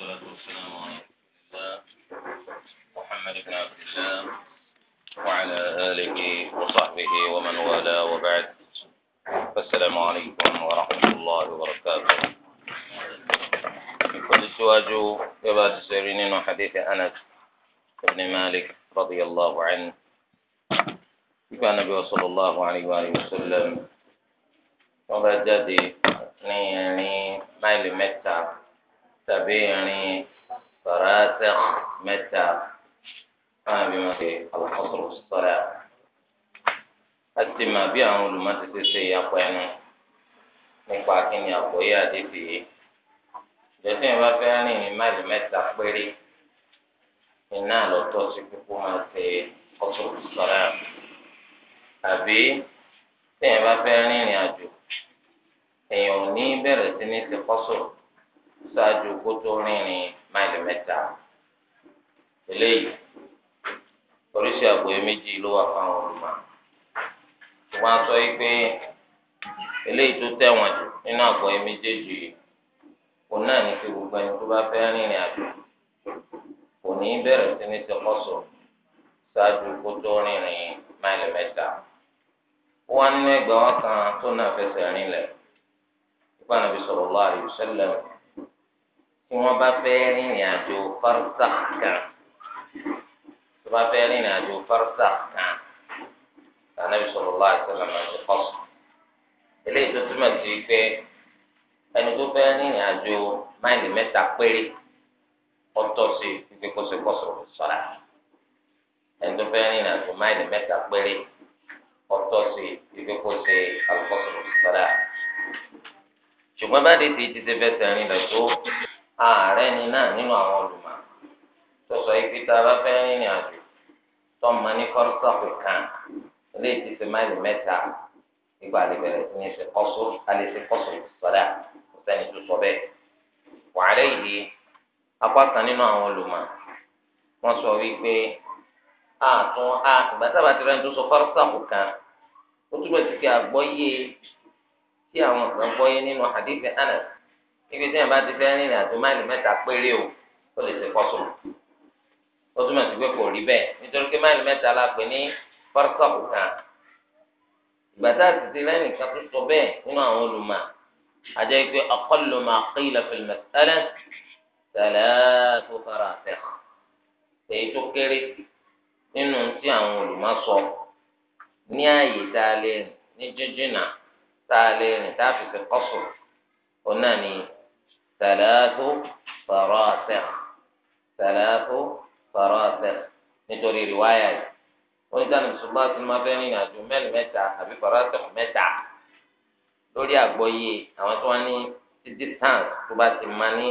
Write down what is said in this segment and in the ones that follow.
والصلاة والسلام على الله محمد بن عبد الله وعلى آله وصحبه ومن والاه وبعد فالسلام عليكم ورحمة الله وبركاته كل سواجو يبقى تسيرين وحديث أنس بن مالك رضي الله عنه كان النبي صلى الله عليه وآله وسلم وبعد ذلك يعني ما متى tàbí irin fàràtẹ́ mẹ́ta káwọn bí wọ́n ṣe àlùfọ́sọ̀rọ̀ sọ́ra. a ti bí àwọn olùmọ̀tẹ́tẹ́ ṣe ìyapa ẹnu nípa kí ni àgbọ̀yé ìjọsìn ìwà fẹ́ rìn máìlì péré iná lọ́tọ́ sí máa ṣe àbí tẹ̀yìn bá fẹ́ rìnrìn àjò èèyàn ò ní bẹ̀rẹ̀ sí ní ṣe ṣáájú kó tó rìnrìn máìlì mẹ́ta eléyìí oríṣi àgbòye méjì ló wà fáwọn olùmọ̀ wọn sọ yìí pé eléyìí tó tẹ̀wọ̀n jù nínú àgbòye méjèèjì yìí kò náà ní kí gbogbo ẹni tó bá fẹ́ rìnrìn àjò kò ní bẹ̀rẹ̀ sí ní ṣáájú rìnrìn máìlì mẹ́ta tí wọ́n bá fẹ́ rìnrìn àjò fárúsà kan tí wọ́n bá fẹ́ rìnrìn àjò fárúsà kan Ànábì sallallahu alaihi wasallam àti kọ́sù eléyìí tó túmọ̀ sí pé ẹni tó fẹ́ rìnrìn àjò máìlì mẹ́ta péré ọtọ́ sí pípé kóso kóso sọ̀rọ̀ ẹni tó fẹ́ rìnrìn àjò máìlì mẹ́ta péré ọtọ́ sí pípé kóso alùpùpù sọ̀rọ̀ ṣùgbọ́n bá dé ti ti ti fẹsẹ̀ rìn lọ tó. ààrẹ ni náà nínú àwọn olùmọ̀ tó sọ ibi tá a bá fẹ́ rìnrìn àjò tó ń mọ ní kọ́rọ́tọ́pù kan ilé ti fi máìlì mẹ́ta nígbà lè bẹ̀rẹ̀ sí sọ bẹ́ẹ̀. wàhálà yìí apá nínú àwọn sọ wípé a sábà tó sọ kan ó túbọ̀ ti fi àgbọ́yé tí àwọn kan gbọ́yé nínú ibi tí yẹn bá ti fẹ́ rìnrìn àjò máìlì mẹ́ta péré o ó lè ṣe kọ́sùn ó túmọ̀ sí pé kò rí bẹ́ẹ̀ nítorí pé máìlì mẹ́ta la pè ní fọ́rọ́kọ̀pù kan ìgbà tá a ti ti lẹ́nu kan tó sọ bẹ́ẹ̀ nínú àwọn olùmọ̀ àjẹ́ pé aqallu ma qila fil mas'ala thalathu farasikh èyí tó kéré nínú tí àwọn olùmọ̀ sọ ní ààyè tá a lè rìn ní jíjìnà tá a lè rìn tá a fi ṣe kọ́sùn ó náà sàlàtú farasẹ̀ sàlàtú farasẹ̀ nítorí rìwáyà yìí wọ́n ní sàlàtú sùgbọ́n àti má fẹ́ rìnrìn àjò mẹ́rin mẹ́ta àbí farasẹ̀ mẹ́ta lórí àgbọ́yé àwọn tó wá ní ti distance tó bá ti má ní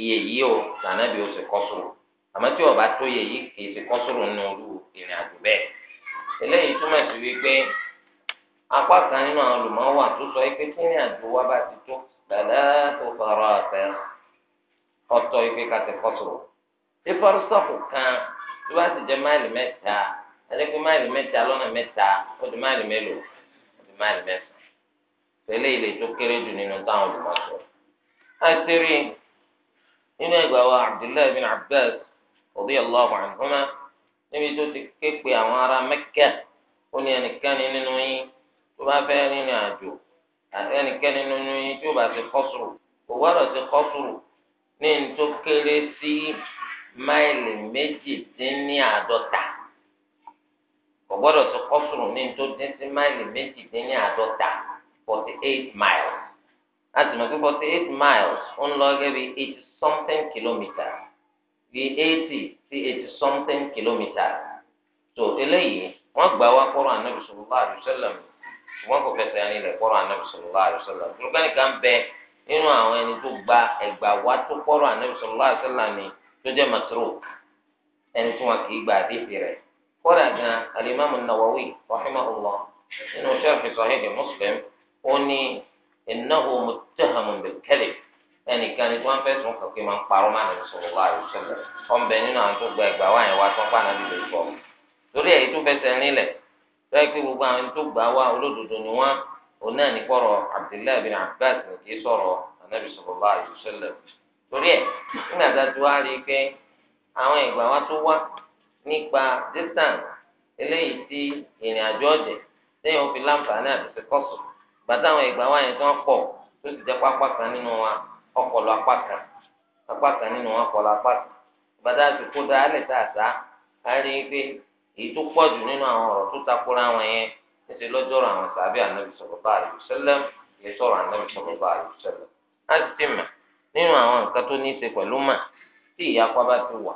iye yìí o lànà bí o ti kọ́ sùrù àmọ́ tí o bá tó iye yìí kì í ti kọ́ sùrù nínú olú ìrìn àjò bẹ́ẹ̀ eléyìí túmọ̀ sí wípé apá kan nínú àwọn olùmọ̀ wà tó sọ pé tí ìrìn àjò wa bá ti tó ثلاث فرات ọtọ ife a kọsùrù ìfọrọsọkù kan tó bá ti jẹ máìlì mẹ́ta ẹdẹkùn máìlì mẹ́ta lọ́nà mẹ́ta ó di máìlì mélòó ó di máìlì mẹ́sàn tẹ́lẹ̀ ilé tó kéré jù nínú táwọn olùmọsọ. àti nínú ẹgbà wa abdullahi bin abbas radiyallahu anhuma níbi tó ti ké pe àwọn ará mẹ́kà ó ní ẹnìkan nínú yín tó bá fẹ́ àjò ẹnikẹ́ni nínú yín tí ó bá ti kọ́sùrù kò gbọ́dọ̀ ti kọ́sùrù ní n tó kéré sí máìlì méjì dín ní àádọ́ta kò gbọ́dọ̀ ti kọ́sùrù ní n tó dín sí máìlì méjì dín ní àádọ́ta forty eight miles láti mọ̀ pé forty eight miles ó ń lọ gẹ́gẹ́ bí eighty something kilometres bí eighty sí eighty something kilometres tó eléyìí wọ́n gbà wá kọ́rọ̀ ànábì sallallahu alaihi wasallam ṣùgbọ́n kò fẹsẹ̀ ẹni lẹ̀ kọ́rọ̀ anabi sallallahu alaihi wasallam nígbà nìkan bẹ nínú àwọn ẹni tó gba ẹgbà wá tó kọ́rọ̀ anabi sallallahu alaihi wasallam ni tó jẹ́ matruk ẹni tí wọn kì í gba àdéhìí rẹ̀ kọ́dà gan alimami nawawi rahimahullah nínú sharh sahih muslim ó ní innahu muttahamun bil-kadhib ẹnìkan ni tí wọn fẹẹ sùn kọkẹ máa ń parọ́ máa nàbì sallallahu alaihi wasallam ọmọbẹ nínú àwọn tó gba ẹgbà wáyẹn wá tó ń pa gbọ́ lórí èyí tó fẹsẹ̀ nílẹ̀ sẹ́yìn pé gbogbo àwọn tó gbà wá olódodo ni wọ́n òun náà ní kọ́rọ̀ Abdullahi bin Abbas ní kí sọ̀rọ̀ anabi torí ẹ̀ nígbà tá wa tó wá nípa eléyìí tí ìrìn ọ̀jẹ̀ òfin gbàtà àwọn ìgbà wa yẹn tó ń pọ̀ tó jẹ́ pápá kan nínú wa apá kan apá kan nínú wa apá kan gbàtà èyí tó pọ̀ jù nínú àwọn ọ̀rọ̀ tó takora wọn yẹn níṣẹ́ lọ́jọ́rọ̀ àwọn sàbẹ̀ ànábì sallallahu alaihi wasallam lè sọ̀rọ̀ ànábì sallallahu alaihi wasallam láti ti mà nínú àwọn nǹkan tó ní í ṣe pẹ̀lú mà tí ìyapa bá ti wà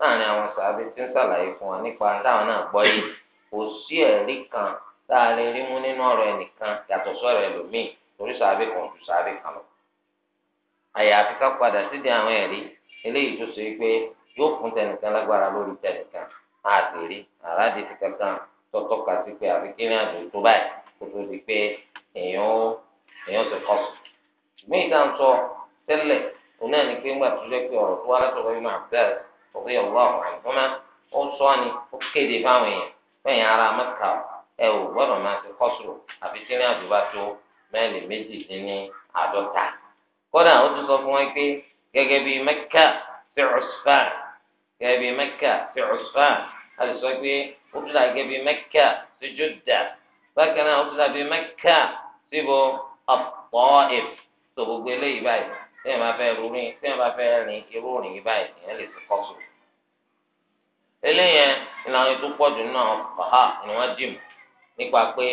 láàrin àwọn sàbẹ̀ tí ń ṣàlàyé fún wa nípa táwọn náà gbọ́ yìí kò sí ẹ̀rí kan tá a lè rí mú nínú ọ̀rọ̀ ẹnìkan yàtọ̀ sọ̀rọ̀ ẹlòmíì torí àgbèrè àràdì ti kankan tọ́tọ́ ka sí pé àfi kí ní àjò tó báyìí kó tó di pé èèyàn ó èèyàn ti kọ́ sùn. ṣùgbọ́n ìta ń sọ tẹ́lẹ̀ òun náà ni pé ńgbà tó jẹ́ pé ọ̀rọ̀ tó wá látọ̀rọ̀ inú àbẹ́rẹ́ ọ̀gbẹ́ ọ̀gbà ọ̀hánìfọ́nà ó sọ ni ó kéde fáwọn èèyàn fẹ́yìn ara mẹ́ka ẹ ò gbọ́dọ̀ máa ti kọ́ sùn àfi kí ní àjò bá tó mẹ́lì méjì dín ní àádọ́ta. kódà ó tún sọ fún wọn pé gẹ́gẹ́ bíi mẹ́kà fi Usfan gẹ́gẹ́ bíi mẹ́kà fi Usfan a lè sọ pé ó tún dàgẹ́ bíi mẹ́kà sí Jeddah bákan náà ó tún dàbí mẹ́kà síbo At-Taif tó gbogbo eléyìí báyìí tí wọn bá fẹ́ rúrin tí wọn bá fẹ́ rìn irú rìn yìí báyìí ìyẹn lè ti kọ́ sùn. eléyẹn ìlànà ètò pọ̀jù náà fàá ni wọ́n dì mú nípa pé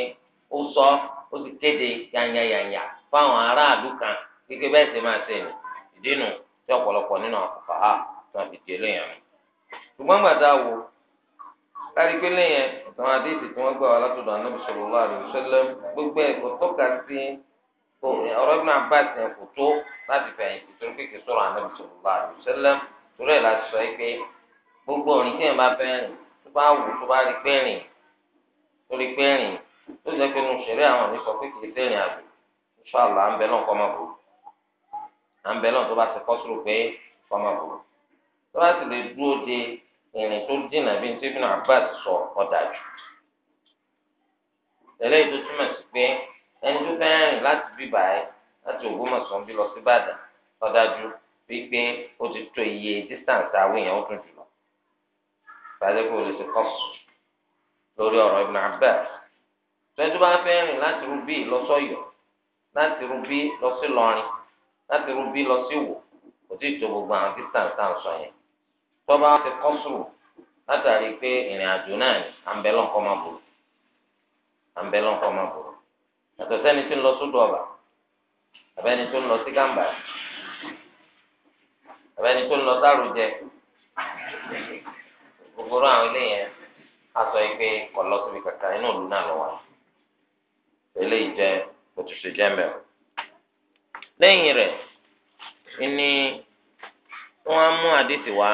ó sọ ó ti kéde yanyanyanya fáwọn aráàlú kan kíkẹ́ bẹ́ẹ̀ sì máa ṣe ìdí nù tí ọ̀pọ̀lọpọ̀ nínú àkùfà á tí fi di eléyàn mú. ṣùgbọ́n gbàdá wo kárí pé lẹ́yìn àwọn àdéhìí tí wọ́n gbà wá látọ̀dọ̀ anábì sallallahu alaihi wasallam gbogbo ẹ̀ kò tọ́ka sí ọ̀rọ̀ Ibn Abbas yẹn kò tó láti fẹ̀yìntì torí pé kì í sọ̀rọ̀ anábì sallallahu alaihi wasallam torí ẹ̀ láti sọ pé gbogbo òrìn tí yẹn bá fẹ́ rìn tó bá wù tó bá rí pé tó rí pé tó jẹ́ pé nùsẹ̀rí àwọn ní sọ pé kì í sẹ́rìn àjò ìṣọ́àlà à náà kọ́ bò à náà tó bá ti kọ́ ìrìn tó dínà bí ní Ibn Abbas sọ ọ̀dà jù tẹ̀lé yìí tó túmọ̀ sí pé ẹni tó fẹ́ rìn láti bí báyìí láti Ògbómọ̀ṣọ́ bí lọ sí Ìbàdàn ọ̀dà jù wípé ó ti tó iye distance àwọn èèyàn ó tún jù lọ tàbí kò lè ṣe kọ́sù lórí ọ̀rọ̀ Ibn Abbas tẹ́tù bá fẹ́ rìn láti rúbí lọ láti rúbí lọ sí lọrin láti rúbí lọ sí wò kò tí ì tó gbogbo àwọn distance tá sọ yẹn. tọbaa ti kọ́ sùn látàrí pé ìrìn àjò náà ni àǹbẹ̀lọ̀ kọ́ máa bòrò àǹbẹ̀lọ̀ kọ́ máa bòrò yàtọ̀ sẹ́ni tí ń lọ sódò ọ̀bà àbẹ́ni tó ń lọ sí gàmbà àbẹ́ni tó ń lọ àwọn ilé yẹn kàkà inú òlu náà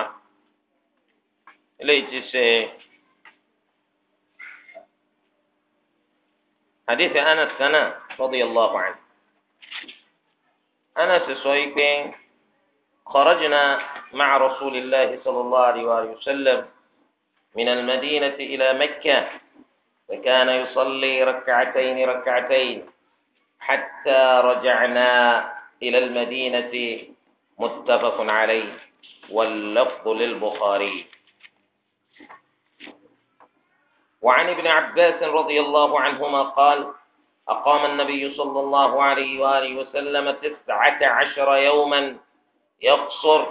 eléyìí ti ṣe hadith anas kana radiyallahu anhu anas sọ yìí pé kharajna ma'a rasulillahi sallallahu alayhi wa sallam min al-madinati ila makkah فكان يصلي ركعتين ركعتين حتى رجعنا إلى المدينة متفق عليه واللفظ للبخاري وعن ابن عباس رضي الله عنهما قال أقام النبي صلى الله عليه وآله وسلم تسعة عشر يوما يقصر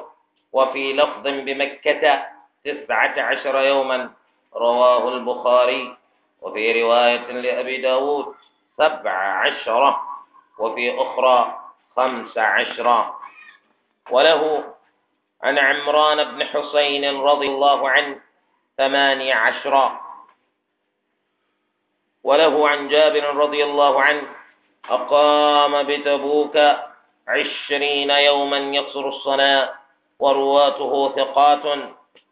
وفي لفظ بمكة تسعة عشر يوما رواه البخاري وفي رواية لأبي داود سبع عشرة وفي أخرى خمس عشرة وله عن عمران بن حسين رضي الله عنه ثماني عشرة وله عن جابر رضي الله عنه أقام بتبوك عشرين يوما يقصر الصلاة ورواته ثقات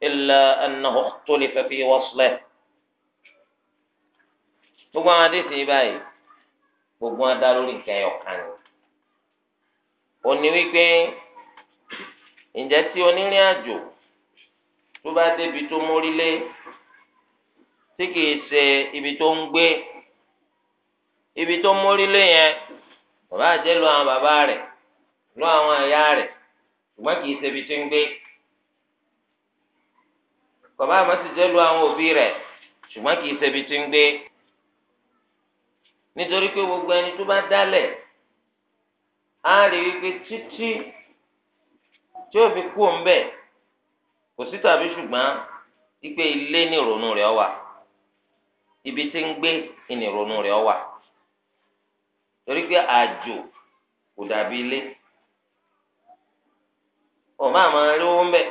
إلا أنه اختلف في وصله gbogbo àwọn adé sèé báyìí gbogbo wọn dá lórí nǹkan ẹyọ kan ni ó ní wípé ǹjẹ́ tí onírìn àjò tó bá débi tó mórí lé tí kìí ṣe ibi tó ń gbé ibi tó mórí lé yẹn bàbá àjẹ́ lu àwọn bàbá rẹ̀ lu àwọn ẹ̀yà rẹ̀ ṣùgbọ́n kìí ṣe ibi tó ń gbé bàbá àmọ́ sì jẹ́ lu àwọn òbí rẹ̀ ṣùgbọ́n kìí ṣe ibi tó ń gbé nítorí pé gbogbo ẹni tó bá dálẹ̀ á rí wípé títí tí ó fi kú òun bẹ́ẹ̀ kò sí tàbí ṣùgbọ́n ipe ilé ní ìrònú rẹ̀ wà ibi tí ń gbé ìnìrònú rẹ̀ ọ wà torí pé àjò kò dàbí ilé ọ máa máa rí owó ńbẹ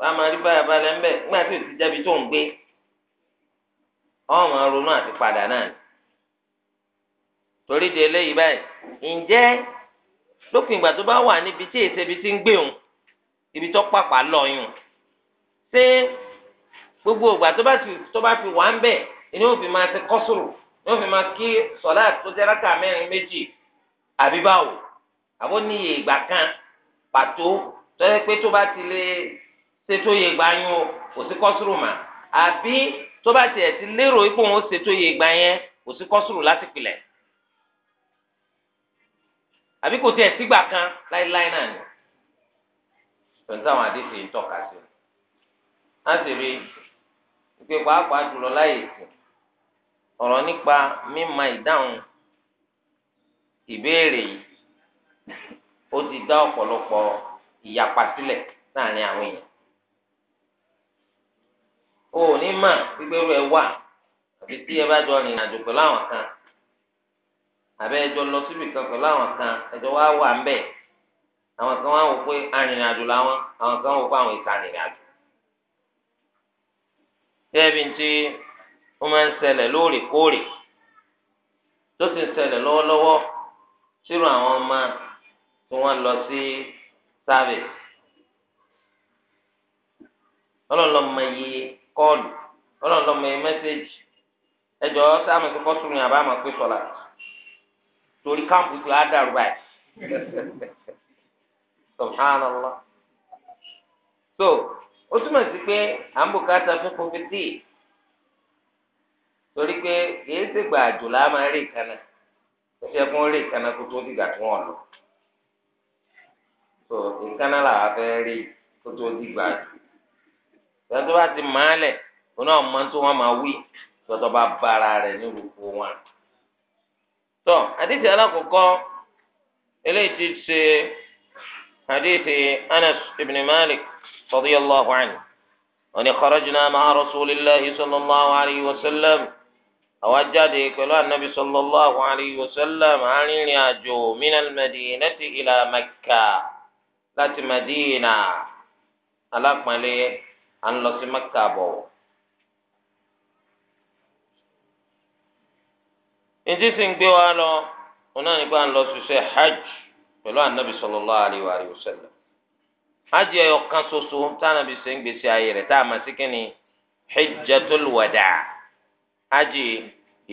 máa máa rí báyà balẹ̀ ńbẹ nígbà tí o ti jábí tó ń gbé ọ máa ronú àti padà náà torí di eléyìí báyìí ǹjẹ́ lópin ìgbà tó bá wà níbi tí èsè ibi tí ń gbé òun ibi tó pàpà lọ yùn ṣé gbogbo ìgbà tó bá fi wà ń bẹ̀ ni wọ́n fi máa ṣe kọ́sùrù ni wọ́n fi máa kí sọ̀lá tó jẹ́ rákà mẹ́rin méjì àbí báwo àbó níye ìgbà kan pàtó tọ́jú pé tó bá ti lè ṣe tó yẹ ìgbà yẹn o kò sí kọ́sùrù mà àbí tó bá tiẹ̀ ti lérò ipò wọn ṣe tó ìgbà yẹn kò sí kọ́sùrù láti pilẹ̀ àbí kò tiẹ̀ sígbà kan láéláé náà ni tòun táwọn àdéhùn yìí tọ́ka sí láti rí i pàápàá jùlọ láyè ìsìn ọ̀rọ̀ nípa mímọ̀ ìdáhùn ìbéèrè yìí ó ti dá ọ̀pọ̀lọpọ̀ ìyapa sílẹ̀ láàrin àwọn èèyàn. o ò ní mà gbígbérú ẹ wà àbí tí ẹ bá jọ rìnrìn àjò pẹ̀lú àwọn kan àbẹ ẹjọ lọ síbi kan pẹ̀lú àwọn kan ẹjọ wá wà ń bẹ̀ àwọn kan wá wò pé arìnrìn àjò làwọn àwọn kan wò pé àwọn ìka arìnrìn àjò. bẹ́ẹ̀ bí n ti ó máa ń ṣẹlẹ̀ lóòrèkóòrè tó sì ń ṣẹlẹ̀ lọ́wọ́lọ́wọ́ sírò àwọn ọmọ tí wọ́n lọ sí service ọlọ́lọ́mọ iye kọ́ọ̀lù ọlọ́lọ́mọ iye mẹ́sẹ̀gì ẹjọ́ sáàmù tó kọ́ sùn ní àbámọ̀ pé sọ̀la torí káàmpù tó á dàrú báyìí subhanallah so ó túmọ̀ sí pé à ń bùkátà fún kọfí tíì torí pé kìí ṣègbà àjò la máa rí ìkànnà ṣẹ́gun rí ìkànnà kó tó dìgbà tó wọ̀n lọ. tó ìkànnà làwa fẹ́ rí kó tó dìgbà àjò. tọ́tọ́ bá ti máa lẹ̀ kó náà mọ tó wọ́n máa wí tọ́tọ́ bá bára rẹ̀ ní olùkó wọn. tó àdìsí alákòókò eléyìí ti ṣe àdìsí Anas ibn Malik radiyallahu anhu. ونخرجنا مع رسول الله صلى الله عليه وسلم àwa jáde pẹ̀lú anabi sallallahu alayhi wa sallam arìnrìn àjò minal madinati ila makka láti madina alápọ̀nlé à ń lọ sí makka bọ̀. ìdí sì ń gbé wa lọ wọn náà nípa ń lọ ṣiṣẹ́ hajj pẹ̀lú anabi sallallahu alayhi wa sallam hajj ẹ̀yọ̀ kan ṣoṣo tá anabi ṣe ń gbèsè ayé tá a mọ̀ sí kínní hijjatul wada' hajj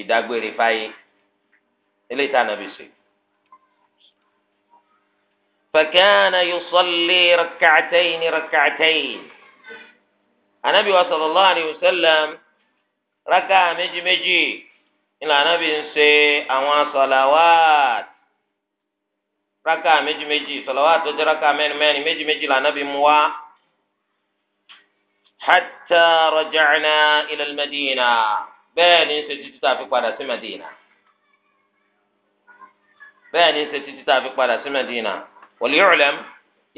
ìdágbére fáyé eléyìí tá a nàbì ṣe. fakana yusalli rak'atayn rak'atayn anabi wa sallallahu alayhi wa sallam raka méjì méjì ìlà anabi ń ṣe àwọn salawat raka méjì méjì salawat tó jẹ́ raka mẹ́rin mẹ́rin méjì méjì là anabi mú wá. حتى رجعنا إلى المدينة bẹ́ẹ̀ ni ṣe títí tá a fi padà sí ni ṣe títí tá a fi padà sí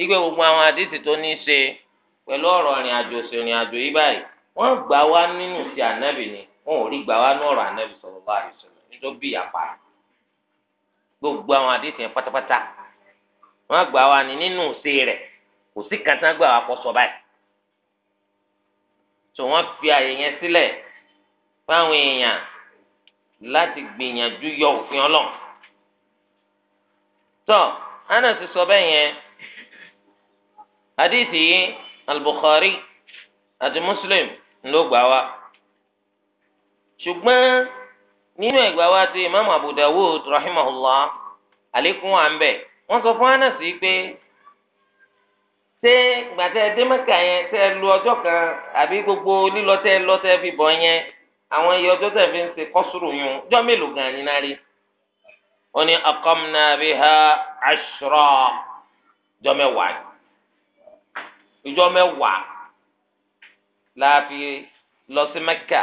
gbogbo àwọn àdìsí tó ní í ṣe pẹ̀lú ọ̀rọ̀ ìrìn àjò sí ìrìn àjò yìí báyìí wọ́n gbà wá nínú ti ànábì ni wọn ò rí gbà wá ní ọ̀rọ̀ ànábì nítorí gbogbo àwọn àdìsí yẹn pátápátá wọ́n gbà wá ní nínú ṣe rẹ̀ kò sí gbà wá kọ́ sọ báyìí fi àyè yẹn fáwọn èèyàn láti gbìyànjú yọ òfin Ọlọ́run tọ ana ti sọ bẹ́ẹ̀ yẹn hadithi yìí al-Bukhari àti Muslim ló gbà wá ṣùgbọ́n nínú ẹgbà wa ti Imam Abu Dawud rahimahullah alekun wa ń bẹ wọ́n sọ fún Anas yìí pé ṣé gbàtẹ dé yẹn tẹ́ lò ọjọ́ kan àbí gbogbo lílọ tẹ́ fi bọ̀ yẹn àwọn iye ọjọ́ tẹ̀ fi ń ṣe kọ́sùrù yun ọjọ́ mélòó gan ni náà rí ó ní aqamna biha ashra ọjọ́ mẹ́wàá ọjọ́ mẹ́wàá la fi lọ sí Mẹ́kà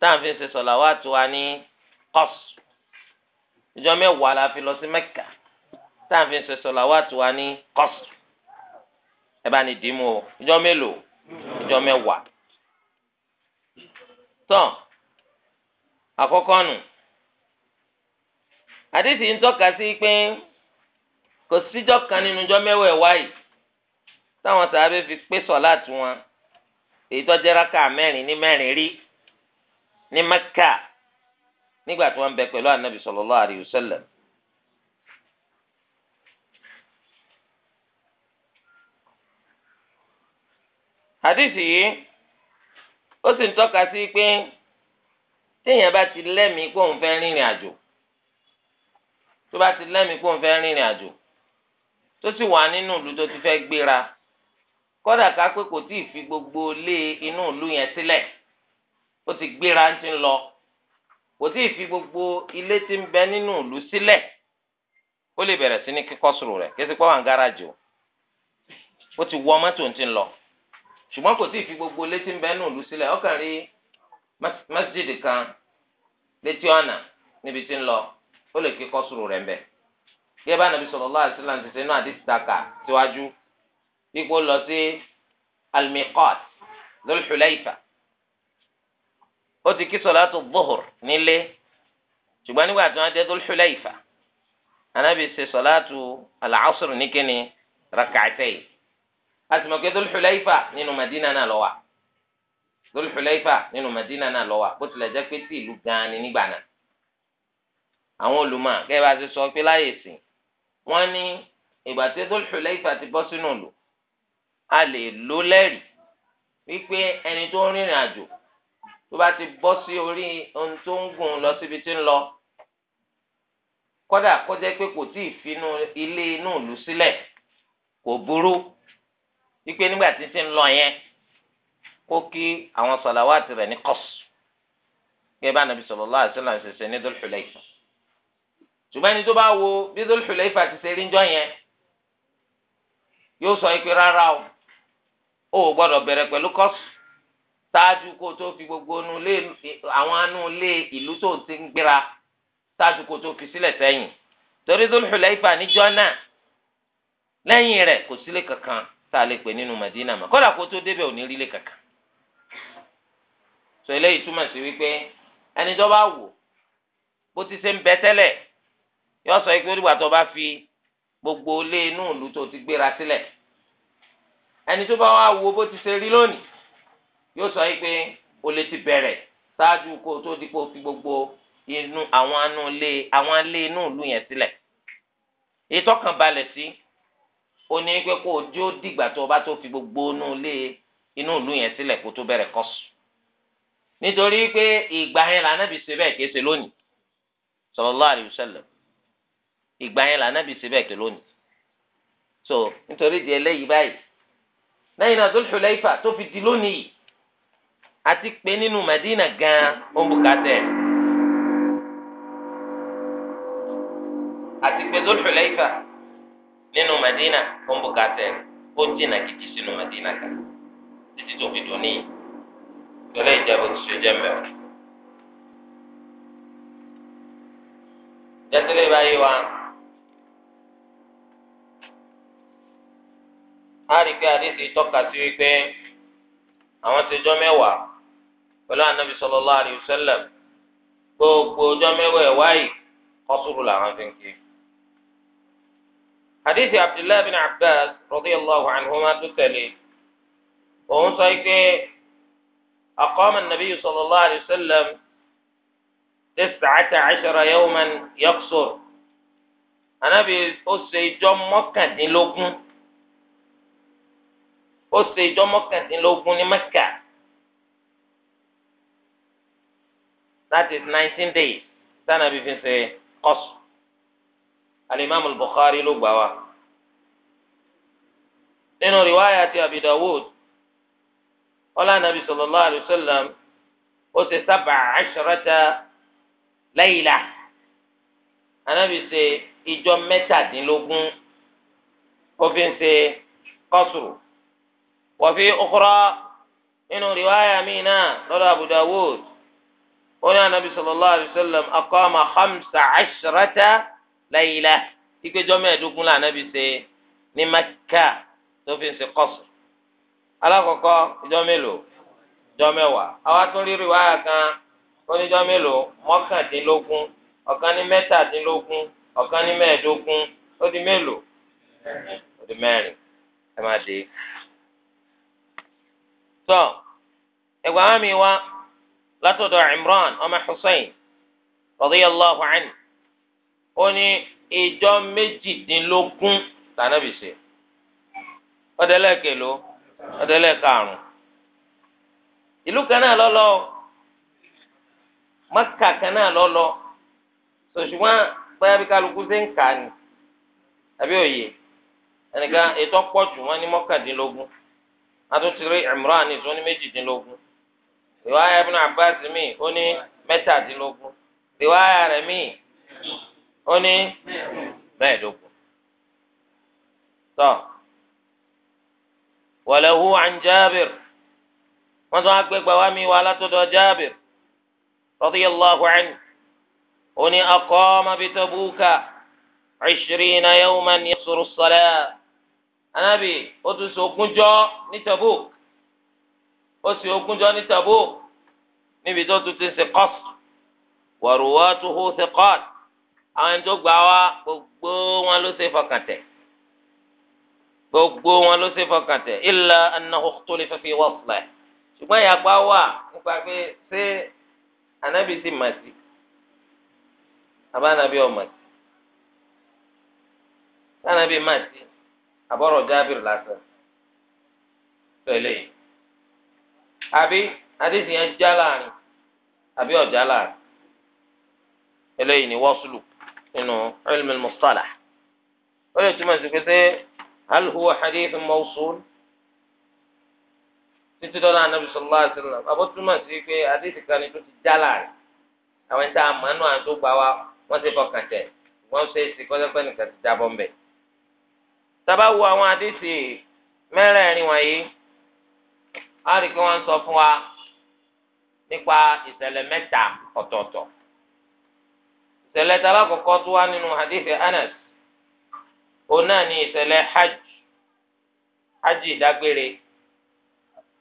táà fi ń ṣe sọ̀làwátù wa ní kọ́sù ọjọ́ mẹ́wàá la lọ sí Mẹ́kà táà fi ń ṣe sọ̀làwátù wa ní kọ́sù ẹ bá ní dìímù ọjọ́ mélòó ọjọ́ mẹ́wàá tán àkọ́kọ́ nù àdìsí ń tọ́ka sí pé kò síjọ́ kan nínú ọjọ́ mẹ́wẹ̀ẹ́ wáyìí táwọn sàábẹ́ fi pé sọ̀láàtì wọn èyí tó jẹ́ rákà mẹ́rin ní mẹ́rin rí ní Mẹ́kà nígbà tí wọ́n ń bẹ pẹ̀lú ànábì sallallahu alaihi wasallam. àdìsí yìí ó sì ń tọ́ka sí pé téèyàn bá ti lẹ́mìí kó òun fẹ́ rìnrìn àjò tó bá ti lẹ́mìí kó òun fẹ́ rìnrìn àjò tó sì wà nínú ìlú tó ti fẹ́ gbéra kódà ká pé kò tí ì fi gbogbo lé inú ìlú yẹn sílẹ̀ ó ti gbéra ń ti ń lọ kò tí ì fi gbogbo ilé tí ń bẹ nínú ìlú sílẹ̀ ó lè bẹ̀rẹ̀ sí ní kíkọ́ sùrù rẹ̀ kí ẹ ti pọ́ wà ń gáràjò ó ti wọ mọ́tò ń ti lọ ṣùgbọ́n kò tíì fi gbogbo létí ń bẹ nù lù sílẹ̀ ọkàn rí masjidi kan létí ọ̀nà níbi tí ń lọ ó lè kí kọ́sùrù rẹ̀ ń bẹ̀. gẹ́gẹ́ bá nàbí sallallahu alaihi wasallam ṣiṣẹ́ náà àdìsí daka síwájú dípò lọ sí almiqat Dhul Hulayfa. ó ti kí sọ̀látù dhuhr nílé ṣùgbọ́n nígbà tí wọ́n dé Dhul Hulayfa anábì ṣe sọ̀látù al-asr níkẹ́ni rak'atayn asimake dolxulayfa nínú madina náà lọ wa dolxulayfa nínú madina náà lọ wa bó tilẹ̀ jẹ́ pé tí ìlú gan ni nígbà náà àwọn olùmọ̀ kẹ́ẹ́ bá ti sọ pé láyè sìn wọ́n ní ìgbà tí dolxulayfa ti bọ́ sínú ìlú a lè lò lẹ́rìí wípé ẹni tó ń rìnrìn àjò tó bá ti bọ́ sí orí ohun tó ń gùn lọ síbi tí ń lọ kódà kó jẹ́ pé kò tí ì finú ilé inú ìlú sílẹ̀ kò burú wípé nígbà tí sí ń lọ yẹn kó kí àwọn sọ̀làwátì rẹ̀ ní kọ́sù gẹ́gẹ́ bá nàbí sallallahu alaihi wasallam ṣẹṣẹ ní Dhul Hulayfa ṣùgbọ́n ẹni tó bá wo bí Dhul Hulayfa ti ṣe rí njọ́ yẹn yóò sọ ìpè rárá o ó gbọ́dọ̀ bẹ̀rẹ̀ pẹ̀lú kọ́sù ṣáájú kó tó fi gbogbo àwọn anú ilé ìlú tó ti ń gbéra ṣáájú kó tó fi sílẹ̀ sẹ́yìn torí Dhul Hulayfa níjọ́ náà lẹ́yìn rẹ̀ kò sílé kankan tá a lè pè nínú Madina mọ́ kódà kó tó débẹ̀ ò ní rí lé kankan sọ eléyìí túmọ̀ sí wípé ẹni tó bá wò bó ti ṣe ń bẹ tẹ́lẹ̀ yọ sọ pé onígbà tó bá fi gbogbo ilé inú ìlú tó ti gbéra sílẹ̀ ẹni tó bá wá wo bó ti ṣe rí lónìí yóò sọ pé o lè ti bẹ̀rẹ̀ ṣáájú kó tó di kó o fi gbogbo inú àwọn ilé inú ìlú yẹn sílẹ̀ ìtọ́kànbalẹ̀ sí. Si, ó ní pé kó o jó dìgbà tó o bá tó fi gbogbo inú hmm. ilé inú ìlú yẹn sílẹ̀ kó tó bẹ̀rẹ̀ kọ́sù nítorí pé ìgbà yẹn lànàbì ṣe bẹ́ẹ̀ kéṣe lónìí sallallahu alaihi ìgbà yẹn lànàbì ṣe bẹ́ẹ̀ ké so nítorí di eléyìí báyìí lẹ́yìn náà Dhul Hulaifa tó fi di lónìí yìí Madina gan ó ń bùkátẹ́ àti pé nínú Madina ó ń bùkátà rẹ̀ ó jìnnà gidi sínú Madina kan títí tó fi dùn níyì tọ́lá ìjábọ̀ tó ṣe jẹ́ mẹ́wàá. jẹ́tẹ́lẹ́ báyìí wa a rí pé àdéhùn tọ́ka sí wípé àwọn ti jọ mẹ́wàá pẹ̀lú anabi sallallahu alaihi wasallam gbogbo ọjọ́ mẹ́wàá ẹ̀ wáyìí kọ́sùrù làwọn fi ń kí i. حديث عبد الله بن عباس رضي الله عنهما تتلي وهو صحيح أقام النبي صلى الله عليه وسلم تسعة عشر يوما يقصر أنا بأسي جمكة لبن أسي جمكة لبن مكة That is 19 days. Then I begin say, قصر alimami Bukhari ló gbà wá nínú riwaayà ti Abi Dawud ọlá nàbí sallallahu alayhi wa sallam ó ṣe sábà ashrata layla anabi ṣe ìjọ mẹ́tàdínlógún òfin ṣe kọsùrù wọfi ukhra nínú riwaayà mi náà lọ́dọ̀ Abu Dawud ó ní anabi sallallahu alayhi wa sallam aqama khamsa ashrata láyìlá ìgbẹ́jọ́ mẹ́ẹ̀ẹ́dógún là nàbí ṣe ní Mẹ́kà tó fi ń ṣe kọ́sù. alákọ̀ọ́kọ́ ìjọ mélòó ìjọ mẹ́wàá àwa tún rí rìwáyà kan oníjọ mélòó mọ́kàndínlógún ọ̀kan ní mẹ́tàdínlógún ọ̀kan ní mẹ́ẹ̀ẹ́dógún ó di mélòó ó di mẹ́rin ẹ máa dé. tọ́ ẹ̀gbọ́n mi wá látọ̀dọ̀ Imran ọmọ Hussein radiyallahu anhu. ó ní ìjọ méjìdínlógún tànàbì ọdẹlẹkẹló ọdẹlẹkàrún ìlú kan náà lọlọ mọkà kan náà lọlọ sòṣùwọn báyà bí kálukú ṣe ń kà ní àbí òye ẹnìkan ètò pọ̀jù wọn ní mọ́kàndínlógún àtúntìrí Imran ní ìtúní méjìdínlógún ìwáyà Ibn Abbas mi ó ní mẹ́tàdínlógún rẹ̀ mi. ó ní mẹ́ẹ̀ẹ́dógún tọ́ wàlẹ́hu àn jábìr wọ́n tún á gbé gbàwá mi wà látọ̀dọ̀ jábìr radiyallahu anhu ó ní aqama bi Tabuka ishrina yawman yasuru as-salat anábì ó tún sọ ogúnjọ́ ní Tabuk ó sì ogúnjọ́ ní Tabuk níbi tó tún ti ń ṣe qasr wa ruwatuhu àwọn ẹni tó gbà wá gbogbo wọn ló ṣe fọkàn tẹ̀ gbogbo wọn ló ṣe fọkàn tẹ̀ illa annahu ikhtulifa fi waslihi ṣùgbọ́n ìyàgbá wà nípa pé ṣé anabi ti mà sí àbá anabi ọmọ sí sanabi mà sí àbọ̀rọ̀ jábìr lásán pẹ̀lẹ́ àbí adéṣìyàn já àbí ọ̀já láàrin eléyìí ni wọ́sùlù nínú ilmu mustalah ó lè túmọ̀ sí pé ṣé hal huwa hadith mawsul títí dọ́là anabi sallallahu alaihi wasallam àbó túmọ̀ sí pé hadith kan ni tó ti já láàrin àwọn ẹni tá a mọ̀ nínú àwọn tó gbà wá wọ́n ti fọkàn tẹ̀ wọ́n ṣe é sí kọ́sẹ́pẹ́ nìkan ti jábọ́ ń bẹ̀. sábà wo àwọn hadisi mẹ́rẹ̀ẹ̀rin wọ̀nyí á rí i pé wọ́n sọ fún wa nípa ìṣẹ̀lẹ̀ mẹ́ta ọ̀tọ̀ọ̀tọ̀. ìṣẹ̀lẹ̀ tí alákọ̀ọ́kọ́ tó wá nínú hadithi anas òun náà ni ìṣẹ̀lẹ̀ hajj hajj ìdágbére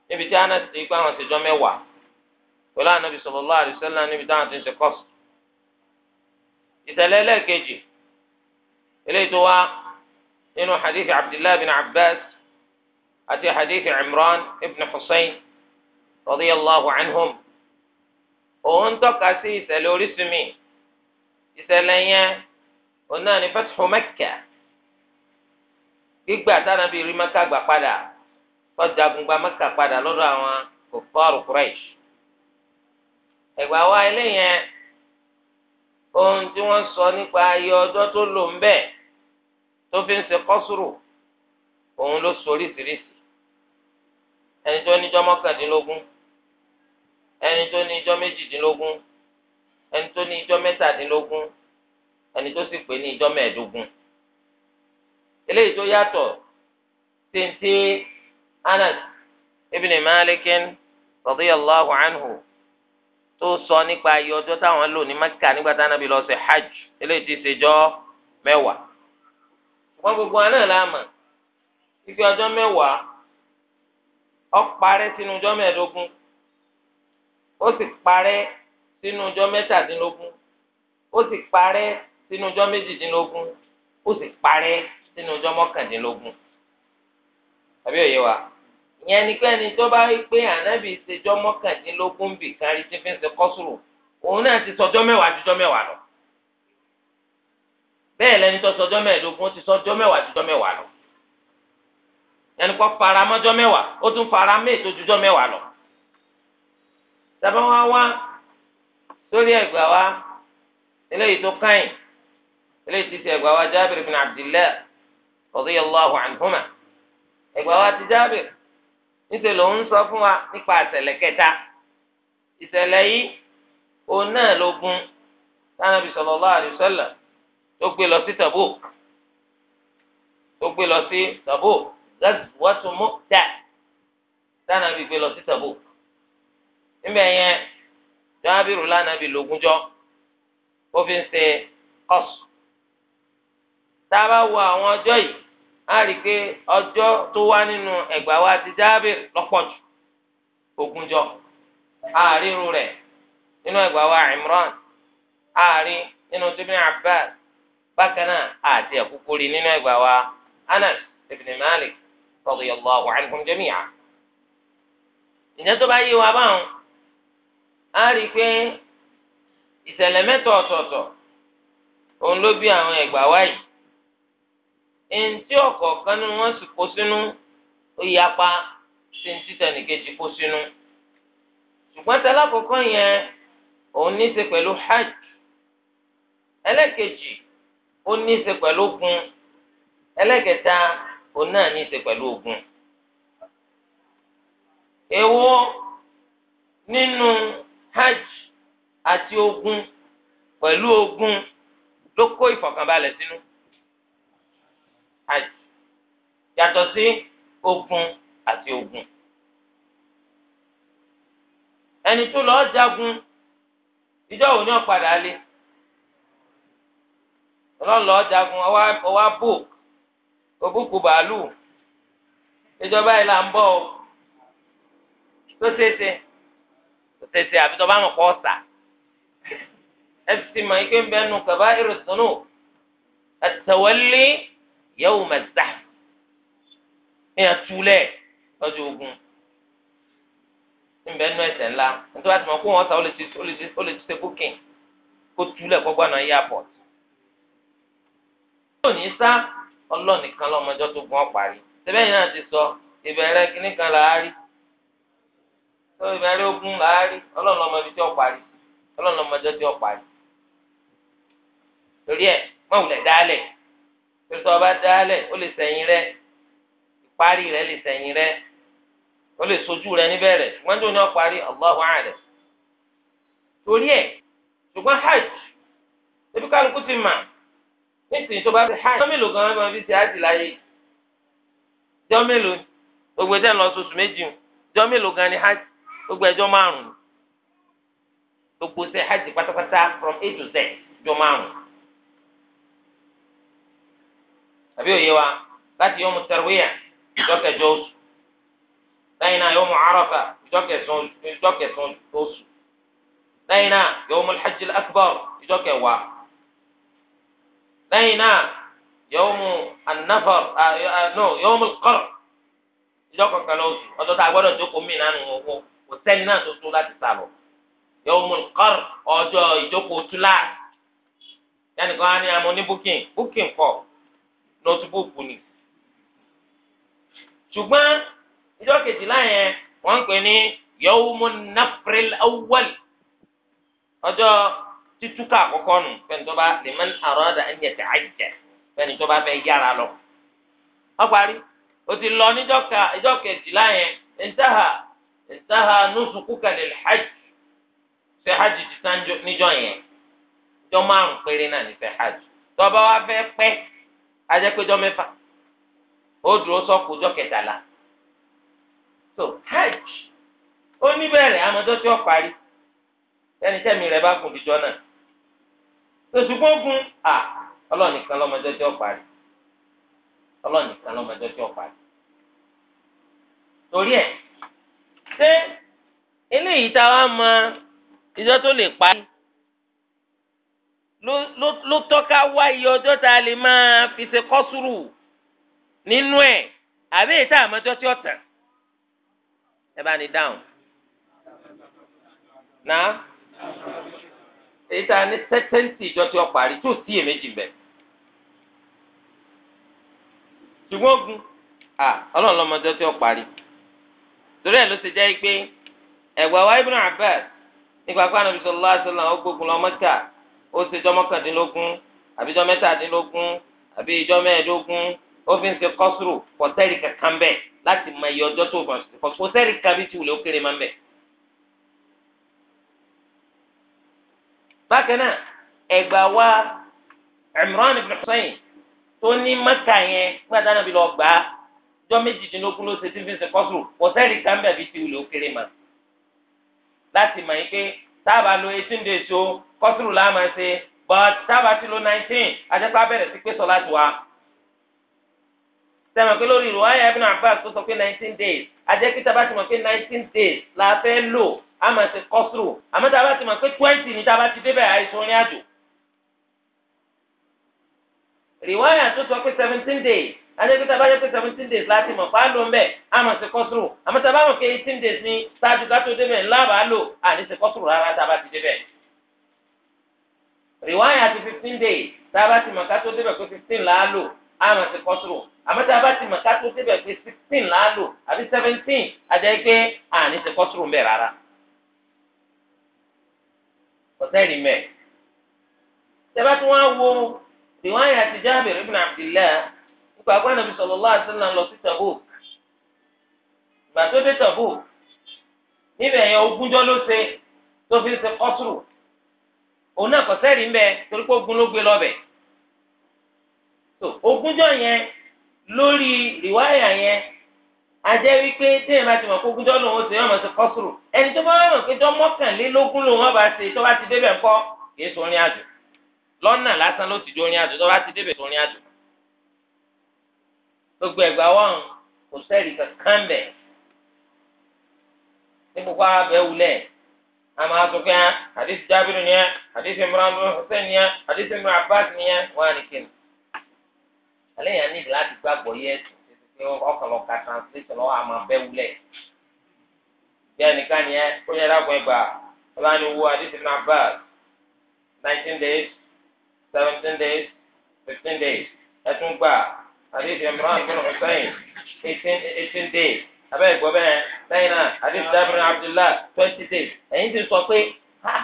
níbi tí anas ti gbá àwọn ìṣèjọ́ mẹ́wàá pẹ̀lú anabi níbi táwọn ti ń ṣe kọ́sù. ìṣẹ̀lẹ̀ ẹlẹ́ẹ̀kejì eléyìí tó wá nínú hadithi abdullahi bin abbas àti hadithi imran ibn hussein anhum òun sí ìṣẹ̀lẹ̀ yẹn òun náà ní fathu Mẹ́kà gbígbà tánàbí rí Mẹ́kà gbà padà tọ́jà gbogbo Mẹ́kà padà lọ́dọ̀ àwọn kòfọ́ọ̀rù Quraysh ẹ̀gbà wa eléyẹn ohun tí wọ́n sọ nípa ayé ọjọ́ tó lò ń bẹ̀ tó fi ń ṣe kọ́sùrù òun ló soríṣiríṣi ẹni tó níjọ́ mọ́kàndínlógún ẹni tó níjọ́ méjìdínlógún ẹni tó ní ijọ́ mẹ́tàdínlógún ẹni tó sì pé ní ijọ́ mẹ́ẹ̀ẹ́dógún eléyìí tó yàtọ̀ tètè Anas ibn Malik radiyallahu anhu tó sọ nípa ayé ọjọ́ táwọn lò ní Mẹ́kà nígbà táwọn nàbí lọ sí hajj eléyìí ti ṣèjọ́ mẹ́wàá wọn gbogbo àná làmà ìgbé ọjọ́ mẹ́wàá ó parẹ́ sínú ọjọ́ mẹ́ẹ̀ẹ́dógún ó sì parẹ́ sínú ọjọ́ mẹ́tàdínlógún ó sì parẹ́ sínú ọjọ́ méjìdínlógún ó sì parẹ́ sínú ọjọ́ mọ́kàndínlógún àbí òye wa ìyẹn ni pé ẹni tó bá rí pé ànábì ìṣèjọ́ mọ́kàndínlógún bì kan rí tí fi ń ṣe kọ́sùrù òun náà ti sọjọ́ mẹ́wàá àtijọ́ mẹ́wàá lọ bẹ́ẹ̀ lẹni tó sọjọ́ mẹ́ẹ̀ẹ́dógún ó ti sọjọ́ mẹ́wàá àtijọ́ mẹ́wàá lọ ẹni kọ́ faramọ́jọ́ mẹ́wàá ó tún faramé ètò jùjọ́ mẹ́wàá lọ tàbí wọn wá lórí ẹgbàá wa eléyìí tó káyìn eléyìí ti ti ẹgbàá wa Jabir bin Abdillah radiyallahu anhuma ẹgbàá wa ti Jabir níṣẹ́ ló ń sọ fún wa nípa àṣẹlẹ̀ kẹta ìṣẹ̀lẹ̀ yìí òun náà ló gun tánàbí sallallahu alaihi wasallam tó gbé lọ sí Tabuk tó gbé lọ sí Tabuk Ghazwatu Mu'tah tánàbí gbé lọ sí Tabuk níbẹ̀ yẹn jábìrù lánàbì lógúnjọ́ ó fi ń ṣe kọ́sù tá a bá wo àwọn ọjọ́ yìí a rí i pé ọjọ́ tó wá nínú ẹ̀gbà wa ti jábìrù lọ́pọ̀ jù ogúnjọ́ àárírù rẹ̀ nínú ẹ̀gbà wa Imran àárín nínú tìbí Abbas bákan náà àti ẹ̀kúkú nínú ẹ̀gbà wa Anas ibn Malik radiyallahu anhum jami'a. ìjẹ́ tó bá yé wa báwọn. a rí i pé ìṣẹ̀lẹ̀ mẹ́ta ọ̀tọ̀ọ̀tọ̀ òun ló bí àwọn ẹ̀gbà wáyé eŋti ọ̀kọ̀ọ̀kan nínú wọn sì kó sínú ìyapa sí ti tẹnìkejì kó sínú ṣùgbọ́n tẹ́lá yẹn òun ní í ṣe pẹ̀lú hajj ẹlẹ́kejì ó ní í ṣe pẹ̀lú ogun ẹlẹ́kẹta òun náà ní í ogun ewo nínú. hajj àti ogun pẹ̀lú ogun ló kó ìfọ̀kànbalẹ̀ sínú hajj yàtọ̀ sí ogun àti ogun ẹni tó lọ jagun ìjọ òun ni ọ̀padà lé ọlọ́lọ́ jagun ọwá book òbúkú bàálù ìjọba ìlà ń bọ̀ ó tó ṣeéṣe kò tẹsẹ àbí tó bá mọ kọ ọsà ẹsì mọ ike ń bẹnu kaba irusunu àtẹwọlé yẹwò mẹta ìyàn túlẹ lọ́jọ́ ogun ń bẹnu ẹsẹ ńlá nítorí wàá ti mọ kó wọn sá ó lè ti ó lè ti ṣe booking kó túlẹ kó gbọnà lónìí sá ọlọ́nìkan lọ́mọdé tó gun parí sẹ́bẹ̀yìn náà ti sọ ìbẹ̀rẹ̀ kìnnìkan là tó ìbẹ̀rẹ̀ ogun láàárí ọlọ́run ọmọ ibi tí ó parí ọlọ́run ọmọ ọjọ́ tí ó parí. torí ẹ mọ̀wùlẹ̀ dálẹ̀ torí tó ọ bá dálẹ̀ ó lè sẹ̀yìn rẹ ìparí rẹ lè sẹ̀yìn rẹ ó lè sojú rẹ níbẹ̀rẹ̀ ṣùgbọ́n tó ní ó parí Allahu a'lam. torí ẹ ṣùgbọ́n hajj ebi kálukú ti mà tó bá fi hajj. gan hajj láyé gbogbo ìdẹ́nu gbogbo ẹjọ́ márùn gbogbo ṣe hajj pátápátá from a to z jọ márùn àbí òye wa láti yọmu tarwiya ìjọ kẹjọ oṣù lẹ́yìn náà yọmu arafa ìjọ kẹsàn oṣù lẹ́yìn náà yọmu hajj akbar ìjọ kẹwàá lẹ́yìn náà yọmu anafar ah, ah, no yọmu kọr ìjọ kọkànlá oṣù ọjọ́ tá a gbọ́dọ̀ jókòó mi nánu owó kò sẹ́ni náà tó tó láti sá lọ yawmul qarr ọjọ́ ìjókòó túlá yẹnì kan á ní amọ ní booking booking kọ notebook ni ṣùgbọ́n ìjọ kejìlá yẹn wọ́n ń pè ní yawmun nafril awwal ọjọ́ títúkà àkọ́kọ́ nù fẹ́ni tó bá liman arada an yata'ajja fẹ́ni tó bá fẹ́ yára lọ. wọ́n parí o ti lọ níjọ́ kejìlá yẹn intaha. ìsáhà nusukuka lil hajj ṣe hajj ti tán níjọ yẹn jọ márùn péré náà ní hajj tọba wa fẹ́ pẹ́ ajẹpẹjọ mẹ́fà ó so hajj ó níbẹ̀rẹ̀ amọ̀jọ́ tí ó parí ẹni tẹ́mi rẹ̀ bá gùn dìjọ́ náà ṣùgbọ́n gun à ọlọ́ọ̀nìkan lọ́mọjọ́ ṣé eléyìí tá a wá mọ ìjọ tó lè parí ló tọ́ka wá iye ọjọ́ tá a lè máa fi ṣe kọ́sùrù nínú ẹ̀ àbí èyí tá a mọjọ́ tí ó tàn ẹ bá ní dáhùn náà èyí tá a ní sẹ́tẹ́ǹtì ìjọ tí ó parí tó sí èméjì bẹ́ẹ̀ ṣùgbọ́n ogun ọlọ́run lọ́mọjọ́ tí ó parí torí ẹ̀ ló ṣe jẹ́ pé ẹ̀gbà wa Ibn Abbas nípa pé Ànábì sallallahu alaihi wasallam ó gbógun lọ Mẹ́kà ó ṣe jọ́ mọ́kàndínlógún àbíjọ́ mẹ́tàdínlógún àbí ìjọ́ mẹ́ẹ̀ẹ́dógún ó fi ń ṣe kọ́sùrù kò sẹ́rì kankan bẹ́ẹ̀ láti mọ iye ọjọ́ tó fà sí kò sẹ́rì kábí tí wùlé ó kéré máa ń bẹ̀. bákan náà ẹ̀gbà wa Imran ibn Husayn tó ní Mẹ́kà yẹn gbàdánù bí lọ gbàá jọ méjìdínlógún ló ṣe tí fi ń ṣe kọ́sùrù kò sẹ́ẹ̀rì kan bẹ̀ bí ti wùlé ó kéré mà láti mọ̀ yín pé táàbà lo eighteen days o kọ́sùrù la máa ṣe but táàbà ti lo nineteen ajẹ́pá bẹ̀rẹ̀ sí pé sọ̀lá ti wá sẹ́mi pé lórí ìrù ayé Ibn Abbas tó sọ pé nineteen days ajẹ́ pé táàbà ti mọ̀ pé nineteen days la fẹ́ lò a máa ṣe kọ́sùrù àmọ́ táàbà ti mọ̀ pé twenty ni táàbà ti débẹ̀ àìsàn orin àjò ìrìwáyà tó sọ pé seventeen days adébí tá a bá yẹ pé seventeen days láti mọ̀ fáà ló ń bẹ̀ á mọ̀ sí kọ́sùrù àmọ́ tá a bá mọ̀ eighteen days Ni sáájú ká tó débẹ̀ ńlá bàá lò à ní sí kọ́sùrù rárá tá a bá ti débẹ̀. rìwáyà fifteen days tá a bá ti mọ̀ ká tó débẹ̀ pé fifteen là á lò á mọ̀ sí kọ́sùrù àmọ́ tá a bá ti mọ̀ ká tó débẹ̀ pé sixteen là á lò àbí seventeen àjẹ́ pé à ní sí kọ́sùrù ń bẹ̀ rárá. kọ́sẹ́rì mẹ́ẹ̀ tẹ́bá wo rìwáyà ti Jábìr ibn Abdillah gbogbo àgbà nàbì sallallahu alaihi wasallam lọ sí Tabuk ìgbà tó dé Tabuk níbẹ̀ yẹn ogúnjọ́ ló ṣe tó fi ṣe kọ́sùrù òun náà kọ́ sẹ́rìí ń bẹ torí pé ogun ló gbé lọ́bẹ̀ tó ogúnjọ́ yẹn lórí rìwáyà yẹn ajẹ́ wípé téèyàn bá ti mọ̀ kógúnjọ́ lòun ṣe yọ̀ mọ̀ sí gbogbo ẹgbà wọn kò sẹ́ẹ̀lì kankan bẹ̀ ní gbogbo abẹ́ wulẹ̀ àmọ́ asopẹ́ àdìsí jábìrì nìyẹn àdìsí imran hussein nìyẹn àdìsí imran abbas nìyẹn wọn á ní kí ni. alẹ́ yẹn níbi láti gbàgbọ́ yẹ pé ọkọlọka translation lọ́wọ́ àmọ́ abẹ́ wulẹ̀ bí ẹnìkan nìyẹn kó yẹ dàgbọ́ ẹgbà ọlọ́wọ́ ni wo àdìsí imran abbas nineteen days seventeen days fifteen days ẹtún gbà àdéhùn imran bin hussein eighteen eighteen days abẹ́ ìgbọ́ bẹ́ẹ̀ lẹ́yìn náà àdéhùn jabir abdullah twenty days ẹ̀yin ti sọ pé ha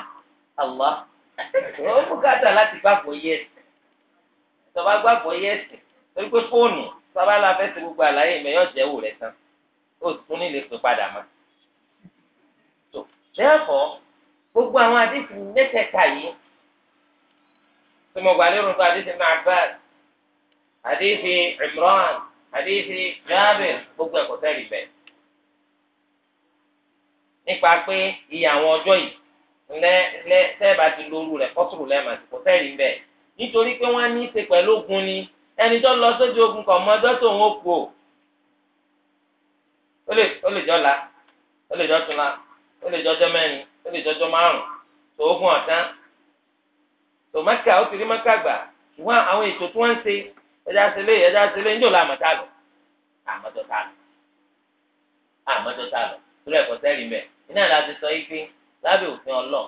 allah ó bùkátà láti gbàgbọ́ yẹ́sì tọ́ba gbàgbọ́ yẹ́sì torí pé fóònù sábà la fẹ́ ti gbogbo àlàyé mẹ́yọ̀ jẹ́wò rẹ̀ tán ó tún nílé pé padà mọ́ tó therefore gbogbo àwọn àdéhùn mẹ́tẹ̀ẹ̀ta yìí tí mo gbà lérò pé àdéhùn náà bá a hadithi Imran hadithi Jabir gbogbo ẹ̀kọ́ sẹ́rì bẹ́ẹ̀ nípa pé iye àwọn ọjọ́ yìí lẹ lẹ sẹ́ẹ̀bà ti lóru rẹ̀ kọ́sùrù lẹ́ẹ̀mà sí kò sẹ́rì bẹ́ẹ̀ nítorí pé wọ́n ní í ṣe pẹ̀lú ogun ni ẹni tó lọ sójú ogun kan mọ ọjọ́ tó ń wò kú o ó lè ó lè jọ́ la ó lè jọ́ tún la ó lè jọjọ́ mẹ́rin ó lè jọjọ́ márùn tó ogun ọ̀tán tòmákà ó ti rí mákà gbà ṣùgbọ́n àwọn ètò tí wọ́n ń ṣe ẹja sílé ẹja sílé ń jò lọ àmọtá lọ àmọtọ tá lọ àmọtọ tá lọ torí ẹkọ sẹrí mẹ iná ìlà ti sọ ife lábẹ́ òfin ọlọ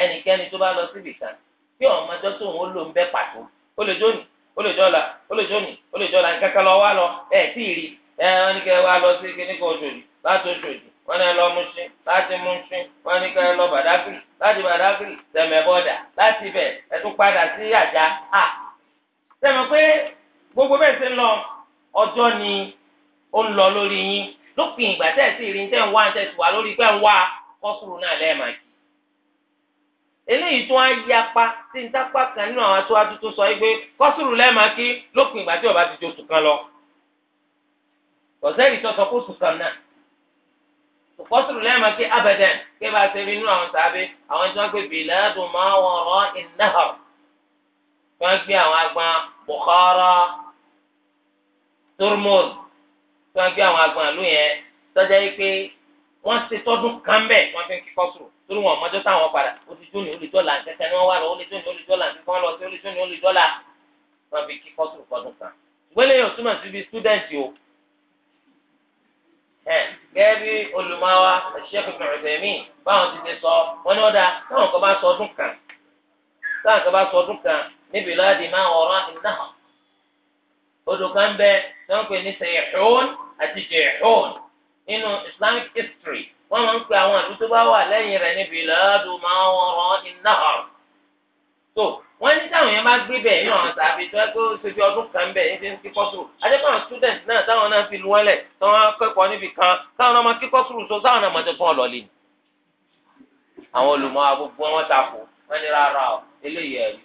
ẹnikẹ́ni tó bá lọ síbi kan tí ọmọdé tó ń lò ń bẹ pàtó ó lè jóni ó lè jọla ó lè jóni ó lè jọla nǹkan kan lọ wá lọ ẹ tí ì rí ẹ wọn ní kẹ wá lọ sí kíní kan òjòjì láti òjòjì wọn ní lọ Mùṣín láti Mùṣín wọn kẹ lọ Bàdágìrì láti Bàdágìrì tẹmẹ bọdà láti bẹ ẹ tún padà sí àjà a tẹmẹ pé gbogbo bẹ́ẹ̀ ṣe ń lọ ọjọ́ ni ó ń lọ lórí yín lópin ìgbà tẹ̀ sí ìrìn tẹ̀ ń wá tẹ̀ sí wà lórí pẹ́ ń wá kọ́sùrù náà lẹ́ẹ̀mà jù eléyìí tó á yapa tí n tápá kan nínú àwọn aṣáájú tó sọ yìí pé kọ́sùrù lẹ́ẹ̀mà kí lópin ìgbà tí ó ti jó sùn lọ kọ̀sẹ́rì tó sọ kó sùn náà kọ́sùrù lẹ́ẹ̀mà kí abẹ́dẹ̀ pé bá ṣe rí inú àwọn sàbẹ̀ àwọn tí wọ́n pè bìlẹ́dùn máa ìnáhà wọ́n gbé àwọn agbọn Bukhara tormoz, tí wọ́n gbé àwọn agbọn àlú yẹn tọ́jà yìí pé wọ́n ti tọ́dún kan bẹ́ẹ̀ wọ́n fi ń kíkọ́ sùn torí wọn ọmọdé táwọn padà ó ti jóni ó lè dọ́là kẹkẹ ni wọ́n wà lọ ó lè jóni ó lè dọ́là kẹkẹ wọn lọ sí ó lè jóni ó lè dọ́là wọ́n fi kíkọ́ sùn fọdún kan. ìwélẹ̀ yóò túmọ̀ sí bí student o gẹ́gẹ́ bí olùmọ̀wá Sheikh Ibn Uthaymeen báwọn ti ti sọ wọn ni wọ́n da táwọn kan bá sọ ọdún kan táwọn kan bá sọ ọdún kan níbi láti máa ọ̀rọ̀ ìnáhàn tí wọ́n pè ní sẹ̀hún àti jẹ̀hún nínú islamic history wọ́n máa ń pe àwọn àdúgbò tó bá wà lẹ́yìn rẹ̀ níbi ìlàdù máa ń rán iná ọ̀rọ̀. tó wọ́n ní táwọn yẹn bá gbé bẹ̀ ní ọ̀hún tàbí tó ẹ́ tó ṣe fi ọdún kan bẹ̀ ní ti ń kíkọ́ sùúrù adékọ̀ọ́ student náà táwọn náà fi lu wọ́lẹ̀ táwọn akẹ́kọ̀ọ́ níbi kan táwọn náà kíkọ́ sùúrù so táwọn náà máa fún ọ̀lọ́lẹ̀ àwọn olùmọ̀ agbègbè wọn takò wọ́n ní rárá o eléyìí ẹ̀rí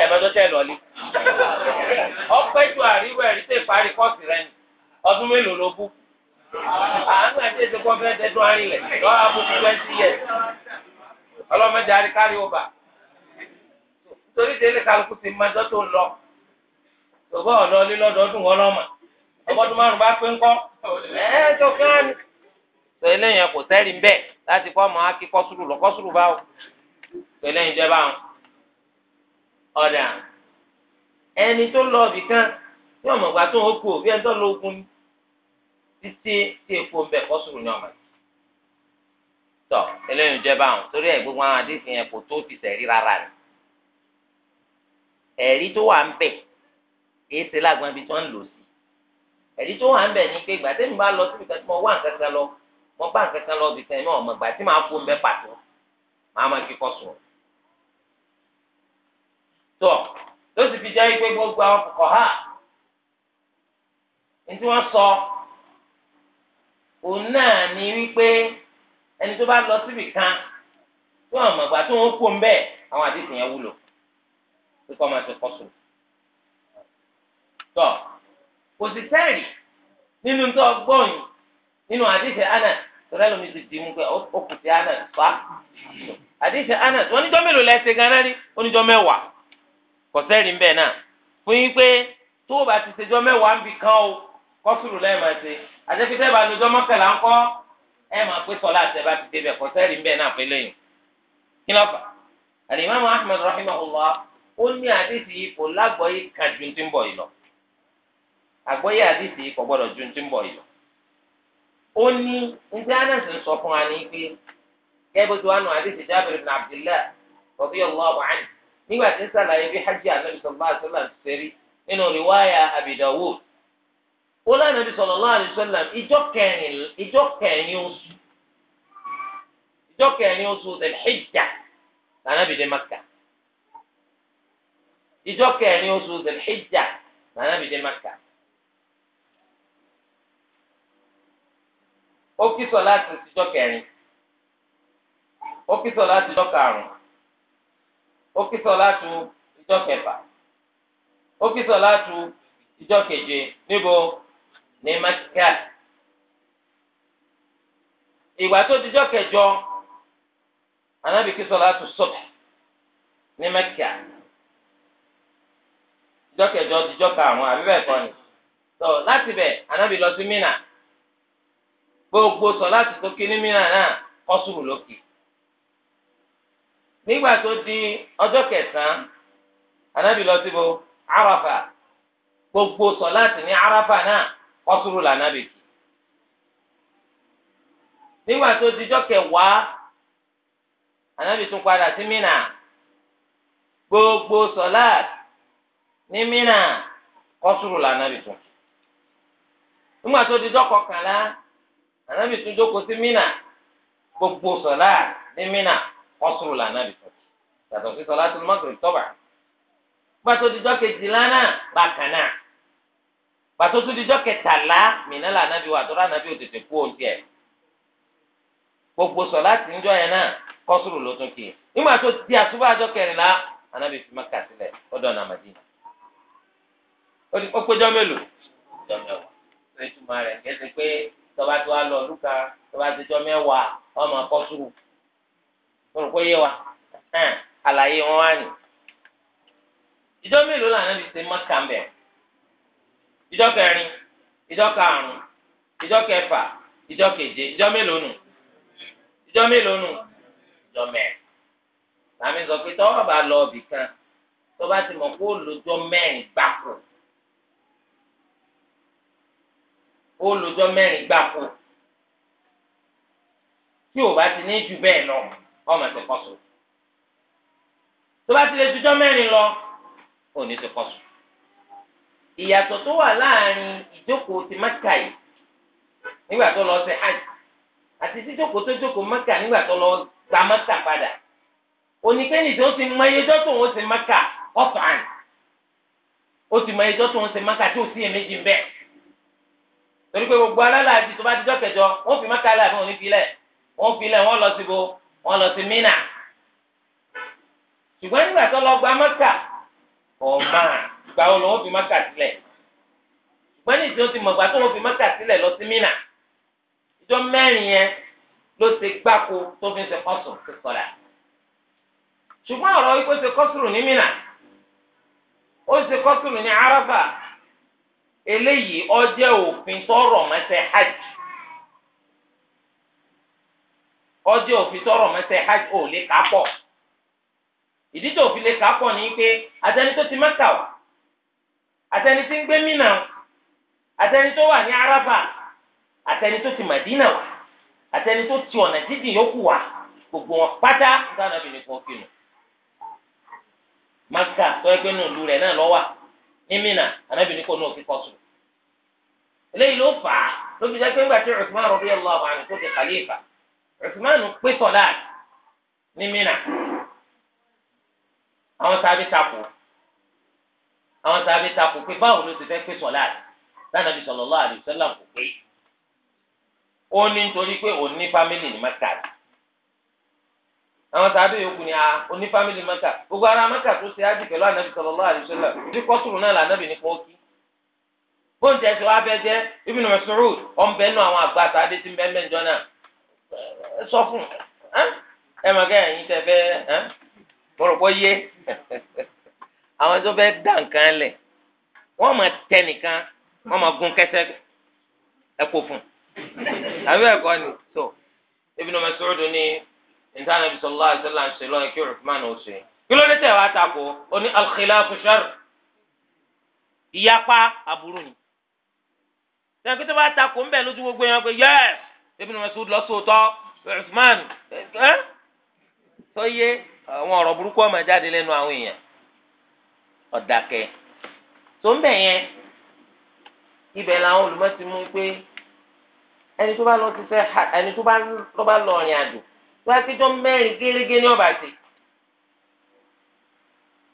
ẹ mọ́tò tẹ lọ́lé ọpẹ́ ju àríwá ẹ̀rí tẹ parí kọ́ọ̀sì rẹ ni ọdún mélòó ló bú àánú ẹ̀ tẹ̀sí kọ́ fẹ́ dẹ́dún arìnlẹ̀ lọ́wọ́ abúlé twenty years ọlọ́mọdé àríkárí ọba délé kálukú ti lọ ọmọdún márùn bá pé ńkọ́ sọ kò sẹ́rìí ń bẹ̀ láti kọ́ ọmọ pẹ̀lẹ́ ìjọba ọ̀dà ẹni tó lọ ibì kan yóò mọ̀ gbà tó ń kú òbí ẹni tó lọ ogun títí tí epo ń bẹ̀ kọ́sùrù ní ọ̀mọ̀ tọ̀ eléyìí ìjọba ọ̀hún torí ẹ̀ gbogbo àwọn àdéhùn yẹn kò tó ti sẹ̀rí rárá ni ẹ̀rí tó wà ń bẹ̀ èyí ṣe lágbọ́n ibi tí wọ́n ń lò sí ẹ̀rí tó wà ń bẹ̀ ni pé ìgbà tẹ́mi bá lọ síbi kan tí mo wá nǹkan kan lọ mo bá nǹkan kan lọ ibì kan ẹ̀mí ọ̀mọ̀ ìgbà tí màá fún un bẹ́ pàtó màá máa kíkọ́ sùn. tó tó sì fi jẹ́ pé gbogbo àwọn kọ̀kọ́ hà ní tí wọ́n sọ òun náà ni wípé ẹni tó bá lọ síbì kan tó àwọn àgbà tó ń kó ń bẹ́ẹ̀ àwọn àdéhùn yẹn wúlò pé kọ́ máa ti kọ́ sùn. tó kò sì sẹ́ẹ̀rì nínú tó gbọ́yìn nínú àdéhùn Anas. tọ́lá ẹ̀rọ mi ti dì mú pé ó kù sí anas fa àdéhùn anas wọ́n níjọ́ mélòó lẹ́sẹ̀ ganan rí oníjọ́ náà fún yín pé tó o bá ti ṣèjọ́ mẹ́wàá ń bì o kọ́sùrù lẹ́ẹ̀ máa ṣe àjẹsíkẹ́ bá lójọ́ mọ́kànlá ń kọ́ ẹ máa pé sọlá àti ti débẹ̀ kọ̀sẹ́rì ń náà kí ló fà ó ní àdéhùn yìí kò ó ní níbi anas ń sọ fún wa ní pé gẹ́gẹ́ bó ti wá nù àdéhùn Jabir ibn Abdullah radiyallahu anhu nígbà tí ń sàlàyé bí hajj anabi sallallahu alaihi wasallam ti ṣe rí nínú rìwáyà Abi Dawud ó lánàá bí sallallahu alaihi wasallam ìjọ kẹrin ìjọ kẹrin oṣù ìjọ kẹrin oṣù Dhul-Hijja lànàbì dé Makkah ìjọ kẹrin oṣù Dhul-Hijja lànàbì dé Makkah. ó kí sọ láti ìjọ kẹrin ó kí sọ láti ìjọ karùn ó kí sọ láti ìjọ kẹfà ó kí sọ láti ìjọ keje níbo ní Mẹ́kà ìgbà tó dijọ kẹjọ anabi kí sọ láti sọbẹ ní gbogbo sọ tó kí ní mìíràn náà kọ́sùrù lókè. tó di ọjọ́ kẹsàn-án anábì lọ síbo arafa gbogbo sọ ní arafa náà kọ́sùrù lànàbì kì. nígbà tó di kẹwàá anábì tún padà sí mìíràn gbogbo sọ ní mìíràn lànàbì tún. nígbà tó di ànábì tún jókòó sí mínà gbogbo sọlá ní mínà la lànàbì tó yàtọ̀ sí sọlá tó mọ́tò tọ́ba pàtó dijọ́ kejìlá náà kẹtàlá mínà wà tó kú òun tiẹ̀ gbogbo sọlá ń jọ yẹn náà ló tún kì í di àsùbá àjọ kẹrìnlá ànábì fi Mákà sílẹ̀ ọ̀dọ̀ ó tọba tó wá lọ lùkà tọba tó jọ mẹ́wàá ọmọ kọ́sùrù olùkọ́ yé wa àlàyé wọn wá ní. ìjọ mélòó làwọn ẹbí ṣe mọ́ta ń bẹ̀? ìjọ kẹrin ìjọ karùn-ún ìjọ kẹfà ìjọ keje ìjọ mélòó nù ìjọ mélòó nù ìjọ mẹ́rin làmì sọ pé tọ́wọ́ bá lọ ọbì kan tọ́ba ti mọ̀ kó lójọ́ mẹ́rin gbàkúrò. ó lọ́jọ́ mẹ́rin gbáko tí ò bá ti ní ju bẹ́ẹ̀ lọ ọmọ ti kọ́ sùn tó bá ti lè jujọ́ mẹ́rin lọ ò ní ti kọ́ sùn ìyàtọ̀ tó wà láàrin ìjókòó ti Mẹ́kà yìí nígbà tó lọ ṣe hajj àti tíjókòó tó jókòó Mẹ́kà nígbà tó lọ gba Mẹ́kà padà oníkẹ́ni tó ti mọ ẹyẹjọ́ tó ń ṣe Mẹ́kà ọ̀fàn ó ti mọ ẹyẹjọ́ tó ń ṣe Mẹ́kà tó sí èméjì bẹ́ẹ̀ torí pé gbogbo alálàájì tó bá ti jọ́kẹ̀jọ wọ́n fi mọ́ká láàbí wọn ní filẹ̀ wọ́n filẹ̀ wọ́n lọ sí bo wọ́n lọ sí mínà ṣùgbọ́n nígbà tó lọ gba mọ́ká ọ̀ma ìgbà wo ni wọ́n fi mọ́ká sílẹ̀ ṣùgbọ́n ní ìṣó ti mọ̀gbà tó wọ́n fi mọ́ká sílẹ̀ lọ sí mínà ìjọ mẹ́rin yẹn ló ti gbáko tó fi ń ṣe kọ́sùn ti sọ̀rọ̀ ṣùgbọ́n ọ̀rọ̀ ikú ṣe kọ́sùrù ní mínà ó ṣe kọ́sùrù ní Àràfà eléyìí ó jẹ́ òfin tọrọ mẹsẹ hajj ó jẹ́ òfin tọrọ mẹsẹ hajj ò lè kà pọ̀ ìdí tó fi lè kà pọ̀ ni pé àtẹni tó ti Mẹ́kà wá àtẹni tí ń gbé Mínà àtẹni tó wà ní Araba àtẹni tó ti Màdínà wá àtẹni tó ti ọ̀nà dídì yòókù wá gbogbo wọn pátá sáà nàbì nìkan kinu Mẹ́kà tó ẹgbẹ́ nù lù rẹ̀ náà lọ́wọ́ ní Mínà ànábì ní kò ní òfin kọ́sù. eléyìí ló fà á ló fi jẹ́ pé ńgbà tí Uthman radiyallahu anhu tó ti khalifa Uthman pé sọ̀lá ní Mínà àwọn sábẹ́ takò àwọn sábẹ́ takò pé báwo ló ti fẹ́ pé sọ̀lá lánàbì sallallahu alaihi wasallam kò pé ó ní nítorí pé òun ní fámìlì ní Mẹ́kà àwọn sábẹ́ yòókù ni oní fámìlì mẹ́kà gbogbo ara mẹ́kà tó ṣe ájì pẹ̀lú anabi sallallahu alaihi wasallam ojú náà lànàbì ní kò kí. bóun tẹ̀ sí wàá ọ̀nbẹ́ nù àwọn àgbà sáadé tí bẹ́ẹ̀ mẹ́jọ náà sọ fún ẹ mọ̀ kẹ́yìn tẹ fẹ́ yé àwọn tó níta nàbí sọlá àṣẹlá ń ṣe lọ́yẹ̀ kí Uthman ò ṣe kí ló dé tẹ̀ wá tako ó ní al-khilafu sharr ìyapa aburú ni tẹ̀kí tó bá tako ń bẹ̀ lójú gbogbo yẹn pé yẹ́s Ibn Mas'ud lọ sóòótọ́ Uthman ẹ́ tó yé àwọn ọ̀rọ̀ burúkú ọmọ jáde lẹ́nu àwọn èèyàn ọ̀dàkẹ́ tó ń bẹ̀ yẹn ibẹ̀ làwọn olùmọ̀ ti mú pé ẹni tó bá lọ ti fẹ́ ẹni tó bá lọ rìn àjò wáyé péjọ mẹ́rin gérégé ní ọba ṣe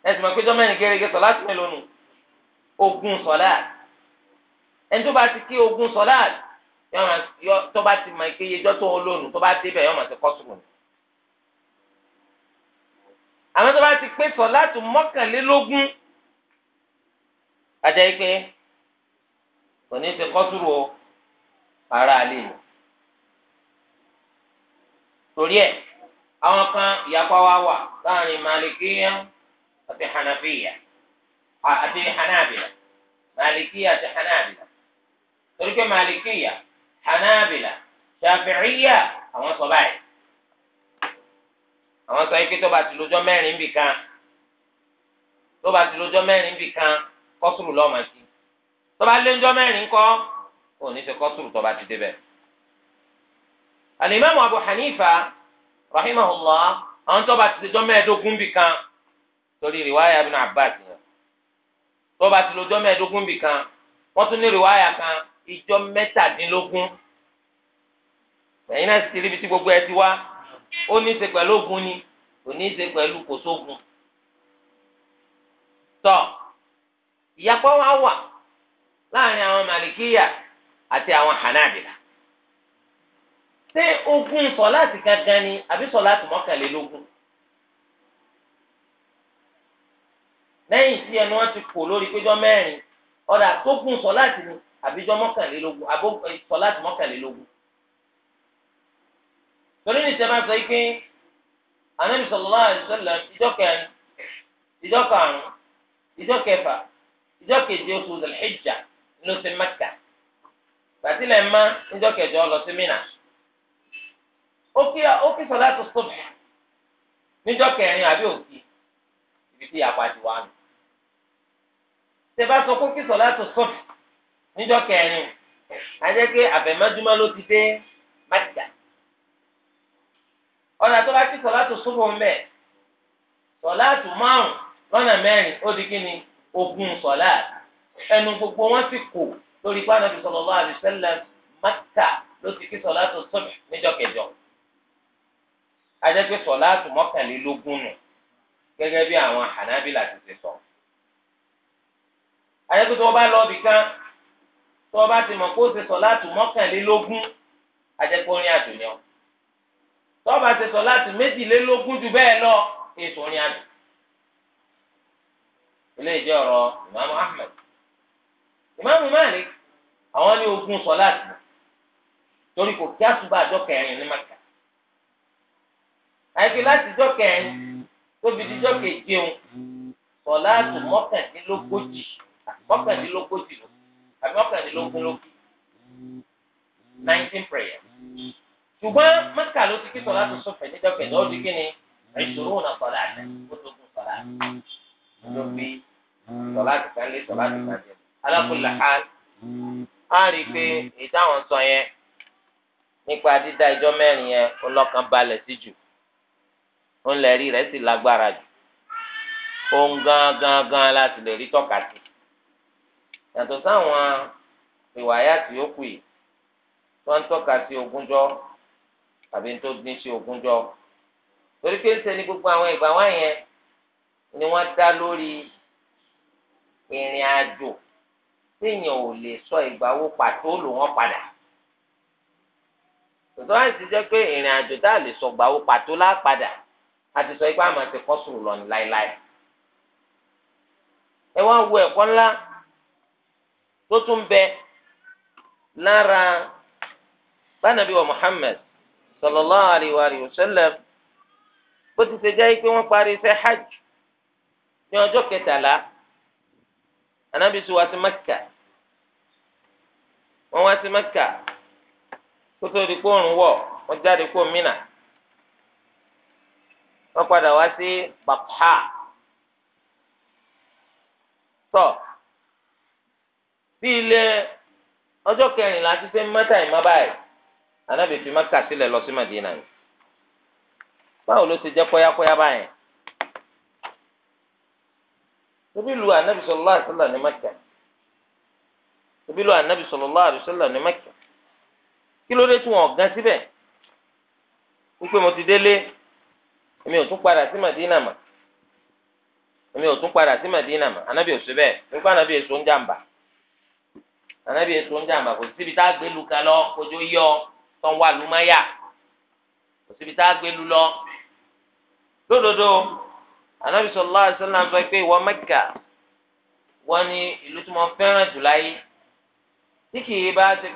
ẹsùn mọ péjọ mẹ́rin gérégé sọ láti mélòó nù ogún sọlá ẹni tó bá ti kí ogún sọlá tó bá ti mọ ìkéye ìjọ tó ń lónù tó bá ti bẹ̀ yọ màá ti kọ́ sùn. àwọn tó bá ti pé sọlá tó mọ́kànlélógún àjẹ́ pé kò ní í ṣe kọ́ sùn o ara àlè yìí torí ẹ̀ àwọn kan ìyapa wa wà láàrin malikiya àti hanafiya àti hanabila malikiya àti hanabila torí pé malikiya hanabila shafi'iya àwọn sọ báyìí àwọn sọ ike tó bá ti lójọ́ mẹ́rin bì kan tó bá ti lójọ́ mẹ́rin bì kan kọ́sùrù lọ́mọ sí tó bá lé ńjọ́ mẹ́rin kọ́ òní ṣe kọ́sùrù tó bá ti débẹ̀ alimami abu hanifa rahimahullah àwọn tó bá ti lójọ́ mẹ́ẹ̀ẹ́dógún bì kan torí riwaya ibn abbas yẹn tó bá ti lójọ́ mẹ́ẹ̀ẹ́dógún bì kan wọ́n tún ní riwaya kan ìjọ mẹ́tàdínlógún ẹ̀yin náà ti ríbi tí gbogbo ẹ ti wá ó ní í ṣe pẹ̀lú ogun ni kò ní í ṣe pẹ̀lú kò sógun tọ́ wa wà láàrin àwọn màlìkíyà àti àwọn hànàbìlà. ṣé ogun sọláàtì kankan ni àbí sọláàtì mọ́kànlélógún lẹ́yìn tí ẹnu wọn ti kò lórí péjọ mẹ́rin ọ̀dà tó gùn sọláàtì ni àbíjọ mọ́kànlélógún àbó sọláàtì mọ́kànlélógún torí ní sẹ́ẹ̀ máa sọ pé Ànábì sallallahu alaihi wasallam ìjọ kẹrin ìjọ karùn-ún ìjọ kẹfà ìjọ keje oṣù Dhul mọ́ ìjọ kẹjọ lọ sí ó kí sọlá tó sọmọ níjọ kẹrin àbí òkè ibi tí yàgbá ti wà nù tẹ́bá sọ pé kí sọlá tó sọmọ níjọ kẹrin ajẹ́ pé àfẹ̀mọ́júmọ́ ló ti dé májà ọ̀nà tó bá kí sọlá tó sọmọ mẹ́ sọlá tó márùn lọ́nà mẹ́rin ó di kí ni ogún sọlá ẹnu gbogbo wọn ti kù lórí pàánà bí àbí sẹ́lẹ̀ májà ló ti kí sọlá tó sọmọ níjọ kẹjọ ajẹ́pẹ́ sọ̀láàtù mọ́kànlélógún nù gẹ́gẹ́ bí àwọn hànábìlà ti ti sọ. ajẹ́pẹ́ tó o bá lọ ibì kan tó o bá ti mọ̀ kó o ti sọ̀láàtù mọ́kànlélógún ajẹ́pẹ́ orin àjò ni ọ. tó o bá ti sọ̀láàtù méjìlélógún ju bẹ́ẹ̀ lọ èso orin àjò. ilé ìjẹ́ ọ̀rọ̀ ìmáàmù Ahmed ìmáàmù Malik àwọn ní ogún sọ̀láàtù torí kò kí àsùbà àjọ kẹrin ní Maka àyíké láti jọ kẹrin tóbi díjọ keje ń sọlá tó mọ́kàndínlógójì mọ́kàndínlógójì ló àbí mọ́kàndínlógún ló kí nineteen prayer ṣùgbọ́n mẹ́kà ló ti kí sọlá tó sọfẹ̀ níjọ kẹjọ ó di kí ni ìṣòro náà sọlá àná ó tó kún sọlá ló fi sọlá ti kan lé sọlá ti kan jẹ alákòólà á á rí i pé ìdáhùn sọ yẹn nípa dídá ìjọ mẹ́rin yẹn ó balẹ̀ sí jù òun lè rí rẹ̀ sì lágbára jù òun gan gan gan láti lè rí tọ́ka sí yàtọ̀ sáwọn ìwàyà tí ó kù yìí tó ń tọ́ka sí ogúnjọ́ tàbí tó ní sí ogúnjọ́ torí pé ń ṣe ní gbogbo àwọn ìgbà wáyẹn ni wọ́n dá lórí ìrìn àjò téèyàn ò lè sọ ìgbà wo pàtó ló wọ́n padà tòtò àìsí jẹ́ pé ìrìn àjò tá a lè sọ ìgbà pàtó lá àti sọ ipá àmà ti kọ́ sùrù lọ́ni láéláé. ẹ wá wo ẹ̀kọ́ ńlá tó tún bẹ lára bánàbí wa Muhammad sallallahu alayhi wa sallam bó ti ṣe jẹ́ pé wọ́n parí iṣẹ́ hajj ní ọjọ́ kẹtàlá anabi sọ wá sí Mẹ́kà wọ́n wá sí Mẹ́kà kótó di kóòrùn wọ̀ wọ́n jáde kó Mínà wọ́n padà wá sí bàbá tọ́ sí ilé ọjọ́ kẹrìnlá ti ṣe mẹ́ta ìmọ̀ báyìí anábì fi Mẹ́kà sílẹ̀ lọ sí Mẹ́dínà yìí báwo ló ti jẹ́ kọ́yákọ́yá báyìí ebi lu anabi sallallahu alaihi wasallam ní Mẹ́kà ebi lu anabi sallallahu alaihi wasallam ní Mẹ́kà kí ló dé tí wọn ò síbẹ̀ wípé mo ti délé. èmi ò tún padà sí Madina ma èmi ò tún padà sí Madina mà anabi ò sí bẹ́ẹ̀ nípa anabi èso ń jàǹbá anabi èso ń kò síbi tá a gbé lu lọ kojú yọ tó wà lùmáyà kò síbi tá a gbé lọ lódodo anabi pé Mẹ́kà ìlú tí fẹ́ràn jù láyé tí kì í bá kí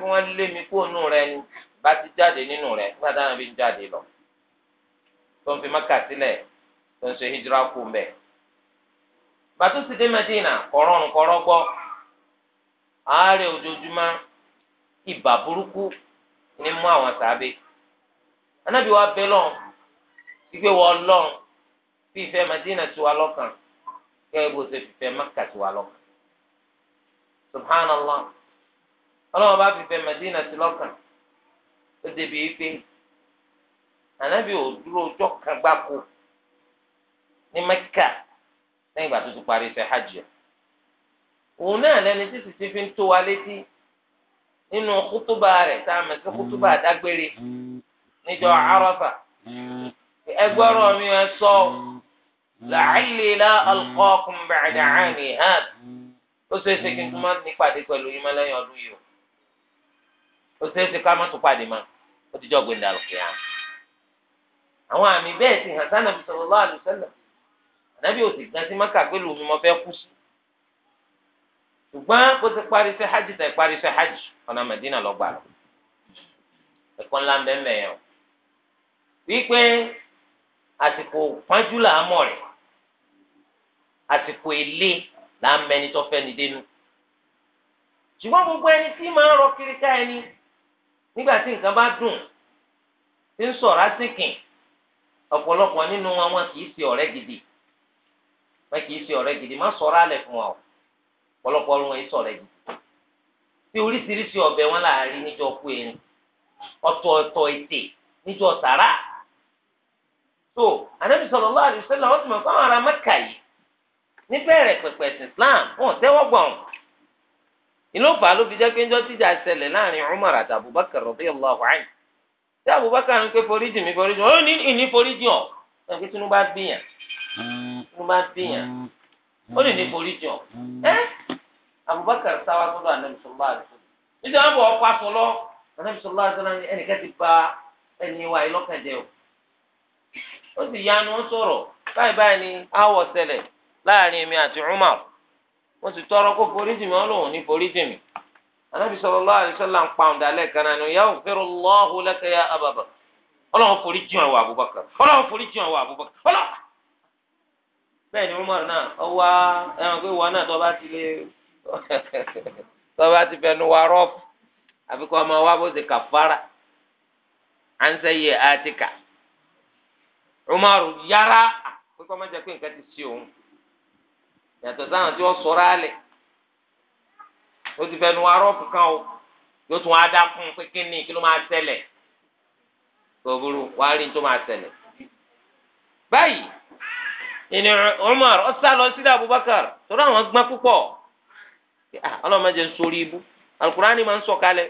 tó ń fi nso sílẹ̀ tó ń ṣe hijira kú mbẹ̀. bàtú sì dé Mẹ́dínà kọ̀rọ̀n kọ̀rọ̀ gbọ́ àárẹ̀ ojoojúmọ́ ibà burúkú ni mú àwọn sàábé anábì wa bẹ lọ́n ìgbé wọ lọ́n fi ìfẹ́ Mẹ́dínà subhanallah ọlọ́wọ́ bá fìfẹ́ lọ́kàn ó débi ànábì ò dúró ọjọ́ kan gbáko ní mẹ́kà lẹ́yìn ìgbà tó ti parí iṣẹ́ hajj òun náà lẹni tí sì ti fi ń tó wa létí nínú kútúbà rẹ̀ tá a mọ̀ sí kútúbà mm. dágbére mm. níjọ́ Àrafà mm. ẹgbẹ́rún mi ẹ sọ làálì la alqaakum ba'da 'aami haadha ó ṣeé ṣe kí n tún má nípàdé pẹ̀lú yín mọ́ ọdún yìí o ó ṣeé ṣe ká má tún pàdé mọ́ ó ti jọ́ gbẹ̀ndà lọ́kùnrin àná. àwọn àmì bẹ́ẹ̀ ti hàn sànàbí bí alaihi wasallam ànábì ò sì gan sí mọ́kà pé lùmí mo fẹ́ kú sí. ṣùgbọ́n kó ti parí sí hajj tẹ̀ parí sí hajj ọ̀nà Mẹ́dínà lọ́gbà lọ. ẹ̀kọ́ ńlá ń bẹ́ẹ̀ mẹ́yàn. wípé àsìkò là á ni dénú. ṣùgbọ́n gbogbo ẹni tí ọ̀pọ̀lọpọ̀ nínú wọn wọn kì í ṣe ọ̀rẹ́ gidi wọn kì í ṣe ọ̀rẹ́ gidi má sọ̀rọ̀ alẹ̀ fún wa o ọ̀pọ̀lọpọ̀ wọn kì í gidi tí oríṣiríṣi ọ̀bẹ wọn láàrin níjọ kú erin ọ̀tọ̀ ọ̀tọ̀ ètè níjọ sàrà tó Ànábì sallallahu ti mọ̀ ará yìí níbẹ̀rẹ̀ pẹ̀pẹ̀ wọn tẹ́wọ́ tí Abubakar ń pé foríjì mi foríjì ó ní ìní foríjì ọ ẹnì tí tinubu bá bíyàn tinubu bá bíyàn ó lè ní foríjì ọ ẹ Abubakar sáwá sọ́dọ̀ anamisọlá àdúgbò níta wọn bọ ọkọ àtọlọ anamisọlá àdúgbò ẹnìkan ti ba ẹni wa ìlọkànjẹ o ó sì yanu ó sọ̀rọ̀ báyìí báyìí ni àwọ̀ ṣẹlẹ̀ láàrin èmi àti Umar mo sì tọrọ kó foríjì mi Ọlọ́run ní foríjì mi. anabi sallallahu alaihi wasallam ń pa ọ̀dà lẹ́ẹ̀kan náà ni yaghfirullahu laka ya Aba Bakr ọlọ́run forí jìn àwọn Abubakar ọlọ́run forí jìn àwọn Abubakar ọlọ́run. bẹ́ẹ̀ Umar náà pé ti lé ti fẹnu wa rọ́ọ̀fù àfi kọ́ ọmọ wa bó o ti fẹnu arọ kankan o yóò tún wá dá fún un pé kí ni kí ló máa ṣẹlẹ̀ kò burú wàá rí tó máa ṣẹlẹ̀. báyìí ìní Umar ọ̀sán lọ sí Abubakar torí àwọn gbọ́n púpọ̀ ọlọ́mọdé ń sori ibú alukurani máa ń sọ̀kalẹ̀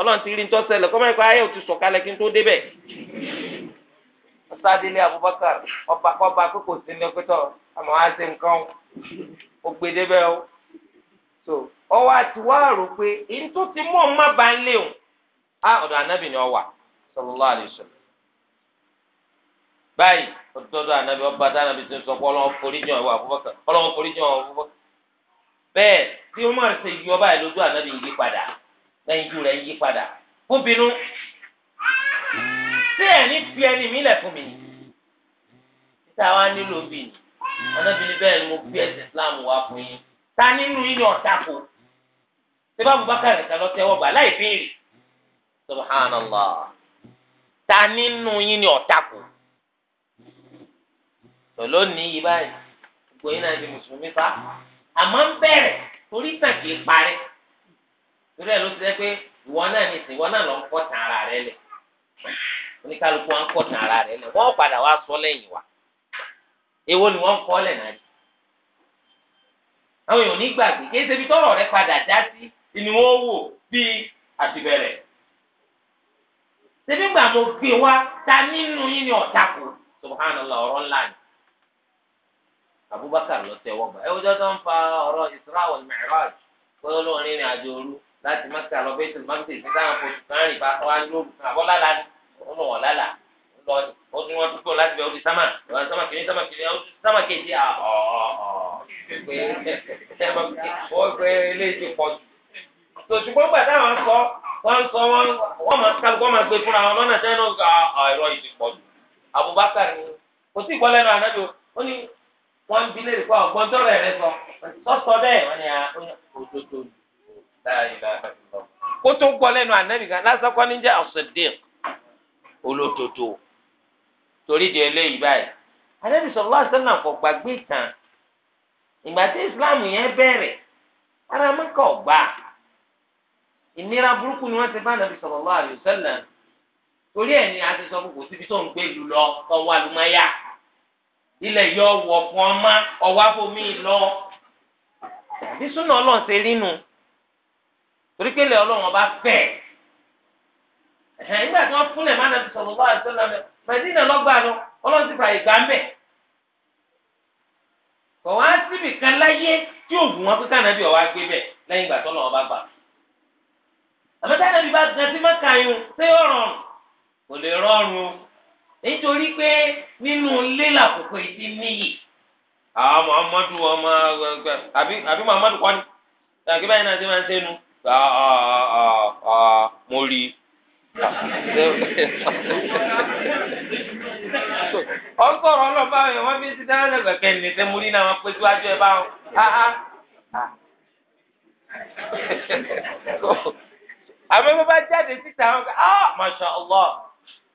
ọlọ́run ti rí ń tó ṣẹlẹ̀ kọ́mọ́ ẹ̀kọ́ ayé ò ti sọ̀kalẹ̀ kí n tó débẹ̀. ọ̀sádélé Abubakar ọba kọba kókò sí ní pẹ́tọ́ àmọ́ á ṣe nǹkan ó gbé débẹ̀ ó ọwọ́ àti wá rò pé èyí tó ti mọ̀ má ba ń léwu á ọ̀dọ̀ ànábì ni ọ wà sallallahu alaihi wasallam. báyìí ọ̀dọ́dọ̀ ànábì ọba tí ànábì ti ń sọ pé ọlọ́wọ́ foríjìn ọ̀wọ́ àbúbọ̀kà ọlọ́wọ́ foríjìn ọ̀wọ́ àbúbọ̀kà. bẹ́ẹ̀ bí Umar ṣe yí ọba yìí lójú ànábì ń yí padà lẹ́yìn ju rẹ̀ ń yí padà fún bínú. ṣé ẹ̀ ní fi ẹni mi lẹ̀ fún mi títà wa nílò bì ànábì ni bẹ́ẹ̀ ni mo fi ẹ̀sìn Islam wá fún yín ta nínú yín ni sẹba Abubakar nìkan lọ tẹ́wọ́ gbà láì béèrè subhanallah ta nínú yín ni ọtakù tòló ní yí báyìí gbogbo náà di mùsùlùmí fa àmọ́ ń bẹ̀rẹ̀ torí tàn parí torí ló ti pé ara rẹ oníkálukú ara rẹ padà wá sọ wa ewo ni wọn ń náà àwọn èèyàn kí ibi rẹ ni wọ́n wò bíi àtìbẹ̀rẹ̀. Ṣébí gbà mo gbé wá ta nínú yín ni ọ̀tá kù? Subhanallah ọ̀rọ̀ ńlá ni. Abubakar ló tẹ́wọ́ gbà. Ẹ wo jọ́jọ́ ń fa ọ̀rọ̀ Isra wal Mi'raj pé olórin ìrìn àjò òru láti Mẹ́kà lọ bẹ́ẹ̀ tó máa ń tètè sí táwọn fojú kan rìn bá wá lóru kan àbọ̀ lálá ni. Ó lọ wọ̀ lálá. Ó tún wọn dúpọ̀ láti bẹ̀ sámà. Ìwọ̀n sámà kìíní sámà kìíní ó sámà kejì. Ọ̀ọ̀ ó pé eléyìí ti pọ̀ jù. tòṣùgbọ́n gbà táwọn sọ wọ́n sọ wọ́n wọ́n máa kálukú máa gbé fúnra wọn lọ́nà tẹ́ ah, ah, yìí ti pọ̀ jù Abubakar ni kò sí ìgbọ́ lẹ́nu ànájò ó ní wọ́n sọ bẹ́ẹ̀ wọ́n ah, òdodo tó gbọ́ lẹ́nu lásán kọ́ ní jẹ́ olódodo torí di eléyìí báyìí gbàgbé ìtàn ìgbà tí Islam ìnira burúkú ni wọ́n ti bá nàbí sallallahu alaihi wasallam torí ẹ̀ ni a ti sọ fún kò síbi tó ń gbé lu lọ kọ́ wa lu máa yá ilẹ̀ yọ wọ̀ fún ọmọ ọwá fomi lọ bí súnà ṣe rí torí pé ilẹ̀ ọlọ́run ọba fẹ̀ ẹ̀hẹ́n nígbà tí wọ́n fúnlẹ̀ má nàbí sallallahu alaihi wasallam mẹ́tìnà lọ́gbà lọ ọlọ́run ti fàyè gbà ń bẹ̀ síbi kan láyé tí òògùn wọn pé kánàbí ọ̀wá gbé bẹ̀ ìgbà tó lọ́wọ́ bá gbà àbẹ́tà náà bí bá gan sí mọ́kà yín ṣé ó rọrùn kò lè rọrùn o nítorí pé nínú ilé làkòkò ìdí níyì àwọn Muhammadu ọmọ àbí àbí Muhammadu kọ́ni tàbí báyìí náà ṣe máa ń ṣe nu mo rí i ọgọrọ ọlọpàá yẹn wọn fi ti dáná lẹgbẹ kẹni tẹ mú nínú àwọn péjú ajọ ẹ bá wọn. àmọ́ bó bá jáde síta wọn kà á ah, masha allah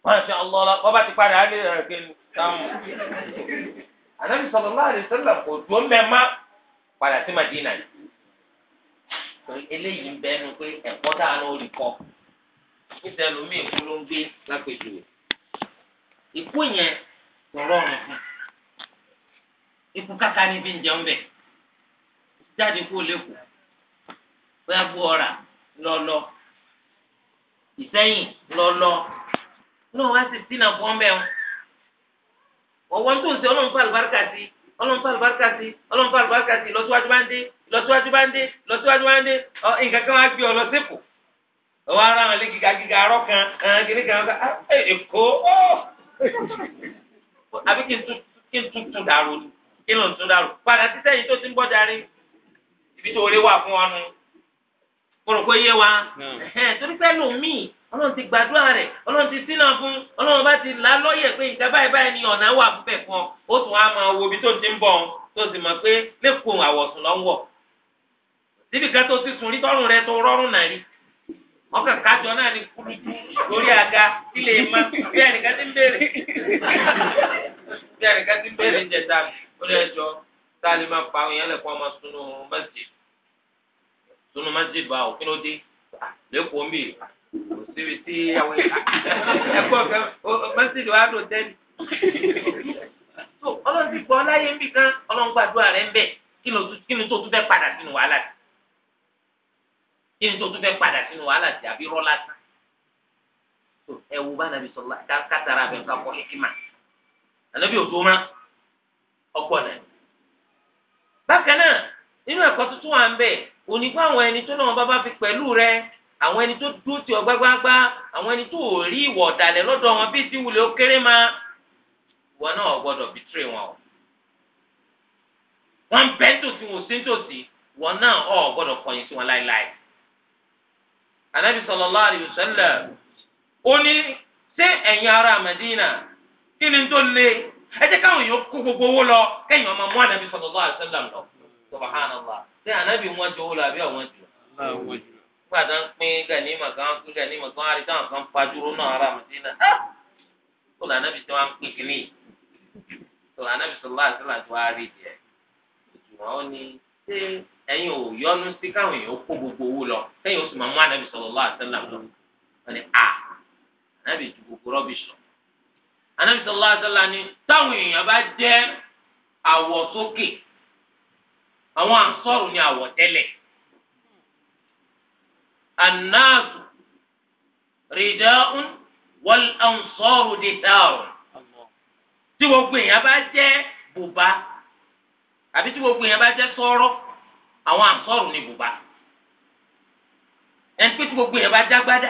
masha allah la bó bá ti padà á rẹ̀ kí ni sáwọn. ànábì sallallahu alaihi wasallam kò tó mẹ́ẹ̀má padà sí madina yìí. eléyìí ń bẹ́ẹ̀ nu pé ẹ̀kọ́ dáhùn ó rí kọ́ níta ẹlòmíì kú ń gbé lápèjúwe ìkú yẹn fún ìsẹ́yìn lọ́lọ́ inú wa sì sínú àfọwọ́n bẹ́ẹ̀ o ọ̀wọ́n tó ń sẹ́ ọlọ́run fún àlùbáríkà sí ọlọ́run fún àlùbáríkà sí ọlọ́run fún àlùbáríkà sí lọ́síwájú bá ń dé lọ́síwájú bá ń dé lọ́síwájú bá ń dé ọ nǹkan kan wá gbé ọ lọ sípò ọwọ́ ara wọn lé gíga gíga arọ́ kan kan kiri kan ká ah, èkó àbí kí n tún kí n tún tún dàrú kí n tún dàrú padà títẹ̀yìn tó ti ń bọ́ darí ibi tó wọlé wà fún ọ nù. kọ̀rọ̀ kó yé wa torí pé lòmíì ọlọ́run ti gbàdúrà rẹ̀ ọlọ́run ti sínà fún ọlọ́run bá ti là lọ́yẹ̀ pé ìjà báyìí báyìí ni ọ̀nà wà fún bẹ̀ẹ̀ fún ọ ó tún máa wo ibi tó ti ń bọ̀ ọ́n tó sì mọ̀ pé lẹ́kọ̀ọ́ àwọ̀sùn lọ́ wọ̀ síbi kan tó ti sùn rí tọ́rùn rẹ tó ma bí ẹnìkan ti ń bí ẹnìkan ti ń ń ó sunu masjid wa òfin ló dé lẹ́kọ̀ọ́ ń bì kò síbi tí àwọn ẹ̀kọ́ o masjid wa ló tẹ́lẹ̀. so ọlọ́run ti gbọ́ láyé ń bì kan ọlọ́run gbàdúrà rẹ̀ ń bẹ̀ kí ni tó tún fẹ́ padà sínú wàhálà sí kí ni tó tún fẹ́ padà sínú wàhálà sí àbí rọ́ lásán. ẹ wo bá nàbí sọlá kátàrà abẹ nǹkan kọ hekima ànábì òtó má ọgbọ́n náà. bákan náà nínú ẹ̀kọ́ tuntun wa ń bẹ̀ òní fún àwọn ẹni tó náà bábá fi pẹ̀lú rẹ àwọn ẹni tó dúró tì ọ́ gbágbágbá àwọn ẹni tó ò rí ìwọ̀ ọ̀dàlẹ̀ lọ́dọ̀ wọn bí ti wulẹ̀ ó kéré ma wọn náà gbọ́dọ̀ bí tírè wọn o wọn bẹ́ tòsí wọn sí tòsí wọn náà ọ̀ gbọ́dọ̀ kọ̀yìn sí wọn láéláé anabi sallallahu alayhi wa sallam ó ní ṣé ẹ̀yin ará Madina kí ni tó le ẹ jẹ́ káwọn èèyàn kó gbogbo owó lọ kẹ́yìn ọmọ mú anabi sallallahu alayhi wa sallam subhanallah ṣé ànábì wọn jọ wọlé àbí àwọn jù. nígbà tó ń pín ganima kan pín ganima kan á rí táwọn kan fajúro náà ara Madina ah! tó lọ ànábì tí wọn ń pín kínní tó lọ ànábì sọlá àti làtọ á rí jẹ ṣùgbọ́n ó ní ṣé ẹ̀yin ò yọnu sí káwọn èèyàn kó gbogbo owó lọ ẹ̀yin ó sì máa mú ànábì sallallahu alaihi wasallam lọ wọn ni a ah! ànábì ju gbogbo rọ́bìṣì lọ ànábì sallallahu alaihi ni táwọn èèyàn bá jẹ́ àwọ̀ sókè àwọn ànsọ́rù ni àwọ̀tẹ́lẹ̀ anaasu ridaun wal ansọ́rù dìtàrùn tí gbogbo èèyàn bá jẹ́ bùbá àbí tí gbogbo èèyàn bá jẹ́ sọ́rọ́ àwọn ànsọ́rù ni bùbá ẹni pé tí gbogbo èèyàn bá jágbádá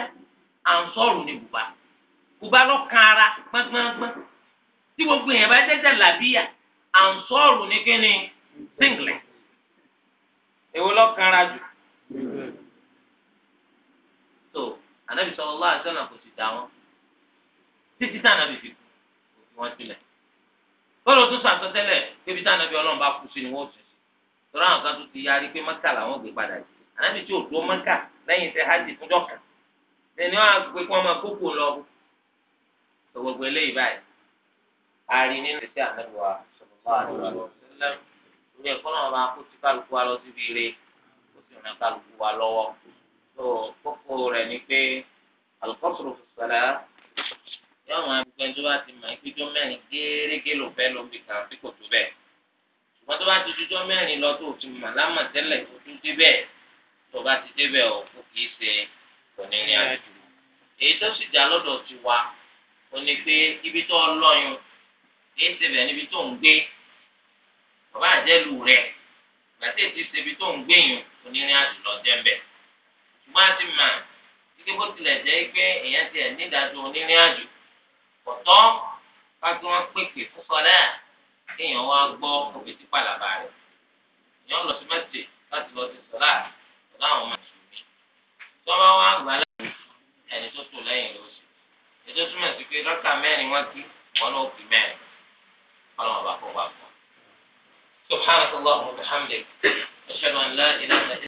ànsọ́rù ni bùbá bùbá lọ́kàn ara gbọ́ngbọ́ngbọ́n tí gbogbo èèyàn bá jẹ́ jàlábíyà ànsọ́rù ni kíni singlet èwo lọ́kànra jù. Hmm. so anabi sallallahu alaihi wasallam kò sì dá wọn títí tá anabi fi kú kò fi wọn sílẹ̀ bọ́lá tó sàtọ́tẹ́lẹ̀ pébi tá anabi ọlọ́run bá kú sí ni wọ́n àwọn kan tó ti yarí pé làwọn gbé padà yìí anabi tí hajj fúnjọ́ kan wọn lọ gbogbo eléyìí báyìí a rí nínú torí ẹ̀kọ́ náà máa kó sí kálukú wa lọ síbi ire kó sì ràn kálukú wa lọ́wọ́ tó kókó rẹ̀ ni pé alukọ́sọ̀rọ̀ fòsàlà yóò máa gbẹ tó bá ti mọ ìpíjọ mẹ́rin gẹ́gẹ́ ló fẹ́ ló ń bì kan bí kò tó bẹ́ẹ̀ ṣùgbọ́n tó bá ti dúdú mẹ́rin lọ tó ti mọ̀ lámọ̀ tẹ́lẹ̀ tó tún débẹ̀ tó bá ti débẹ̀ ò kò kìí ṣe onírin àjò èyí tó sì dá lọ́dọ̀ bàbá àjẹlù rẹ gbàtẹ́ ti ṣebi tó ń gbẹ̀yìn onírìn àjò lọ jẹ́ńbẹ̀ ṣùgbọ́n a mà kíkẹ́ bó tilẹ̀ jẹ́ pé èèyàn ti ẹ̀ nídàájọ́ onírìn àjò ọ̀tọ́ kájú wọn pèpè fún sọlá kéèyàn wá gbọ́ òbí tí pàlàbà rẹ̀ èèyàn lọ sí mẹ́tì láti lọ sí sọlá ọ̀dọ́ àwọn ọmọ ìṣòwò tọ́wọ́ wá gbà láàyè ẹni tó tò lẹ́yìn lọ sí ètò túmọ̀ sí pé lọ́tà mẹ́rin wọ́n kí wọ́n náà kì mẹ́rin ọlọ́run bá fọwọ́ bá سبحانك اللهم وبحمدك أشهد أن لا إله إلا انت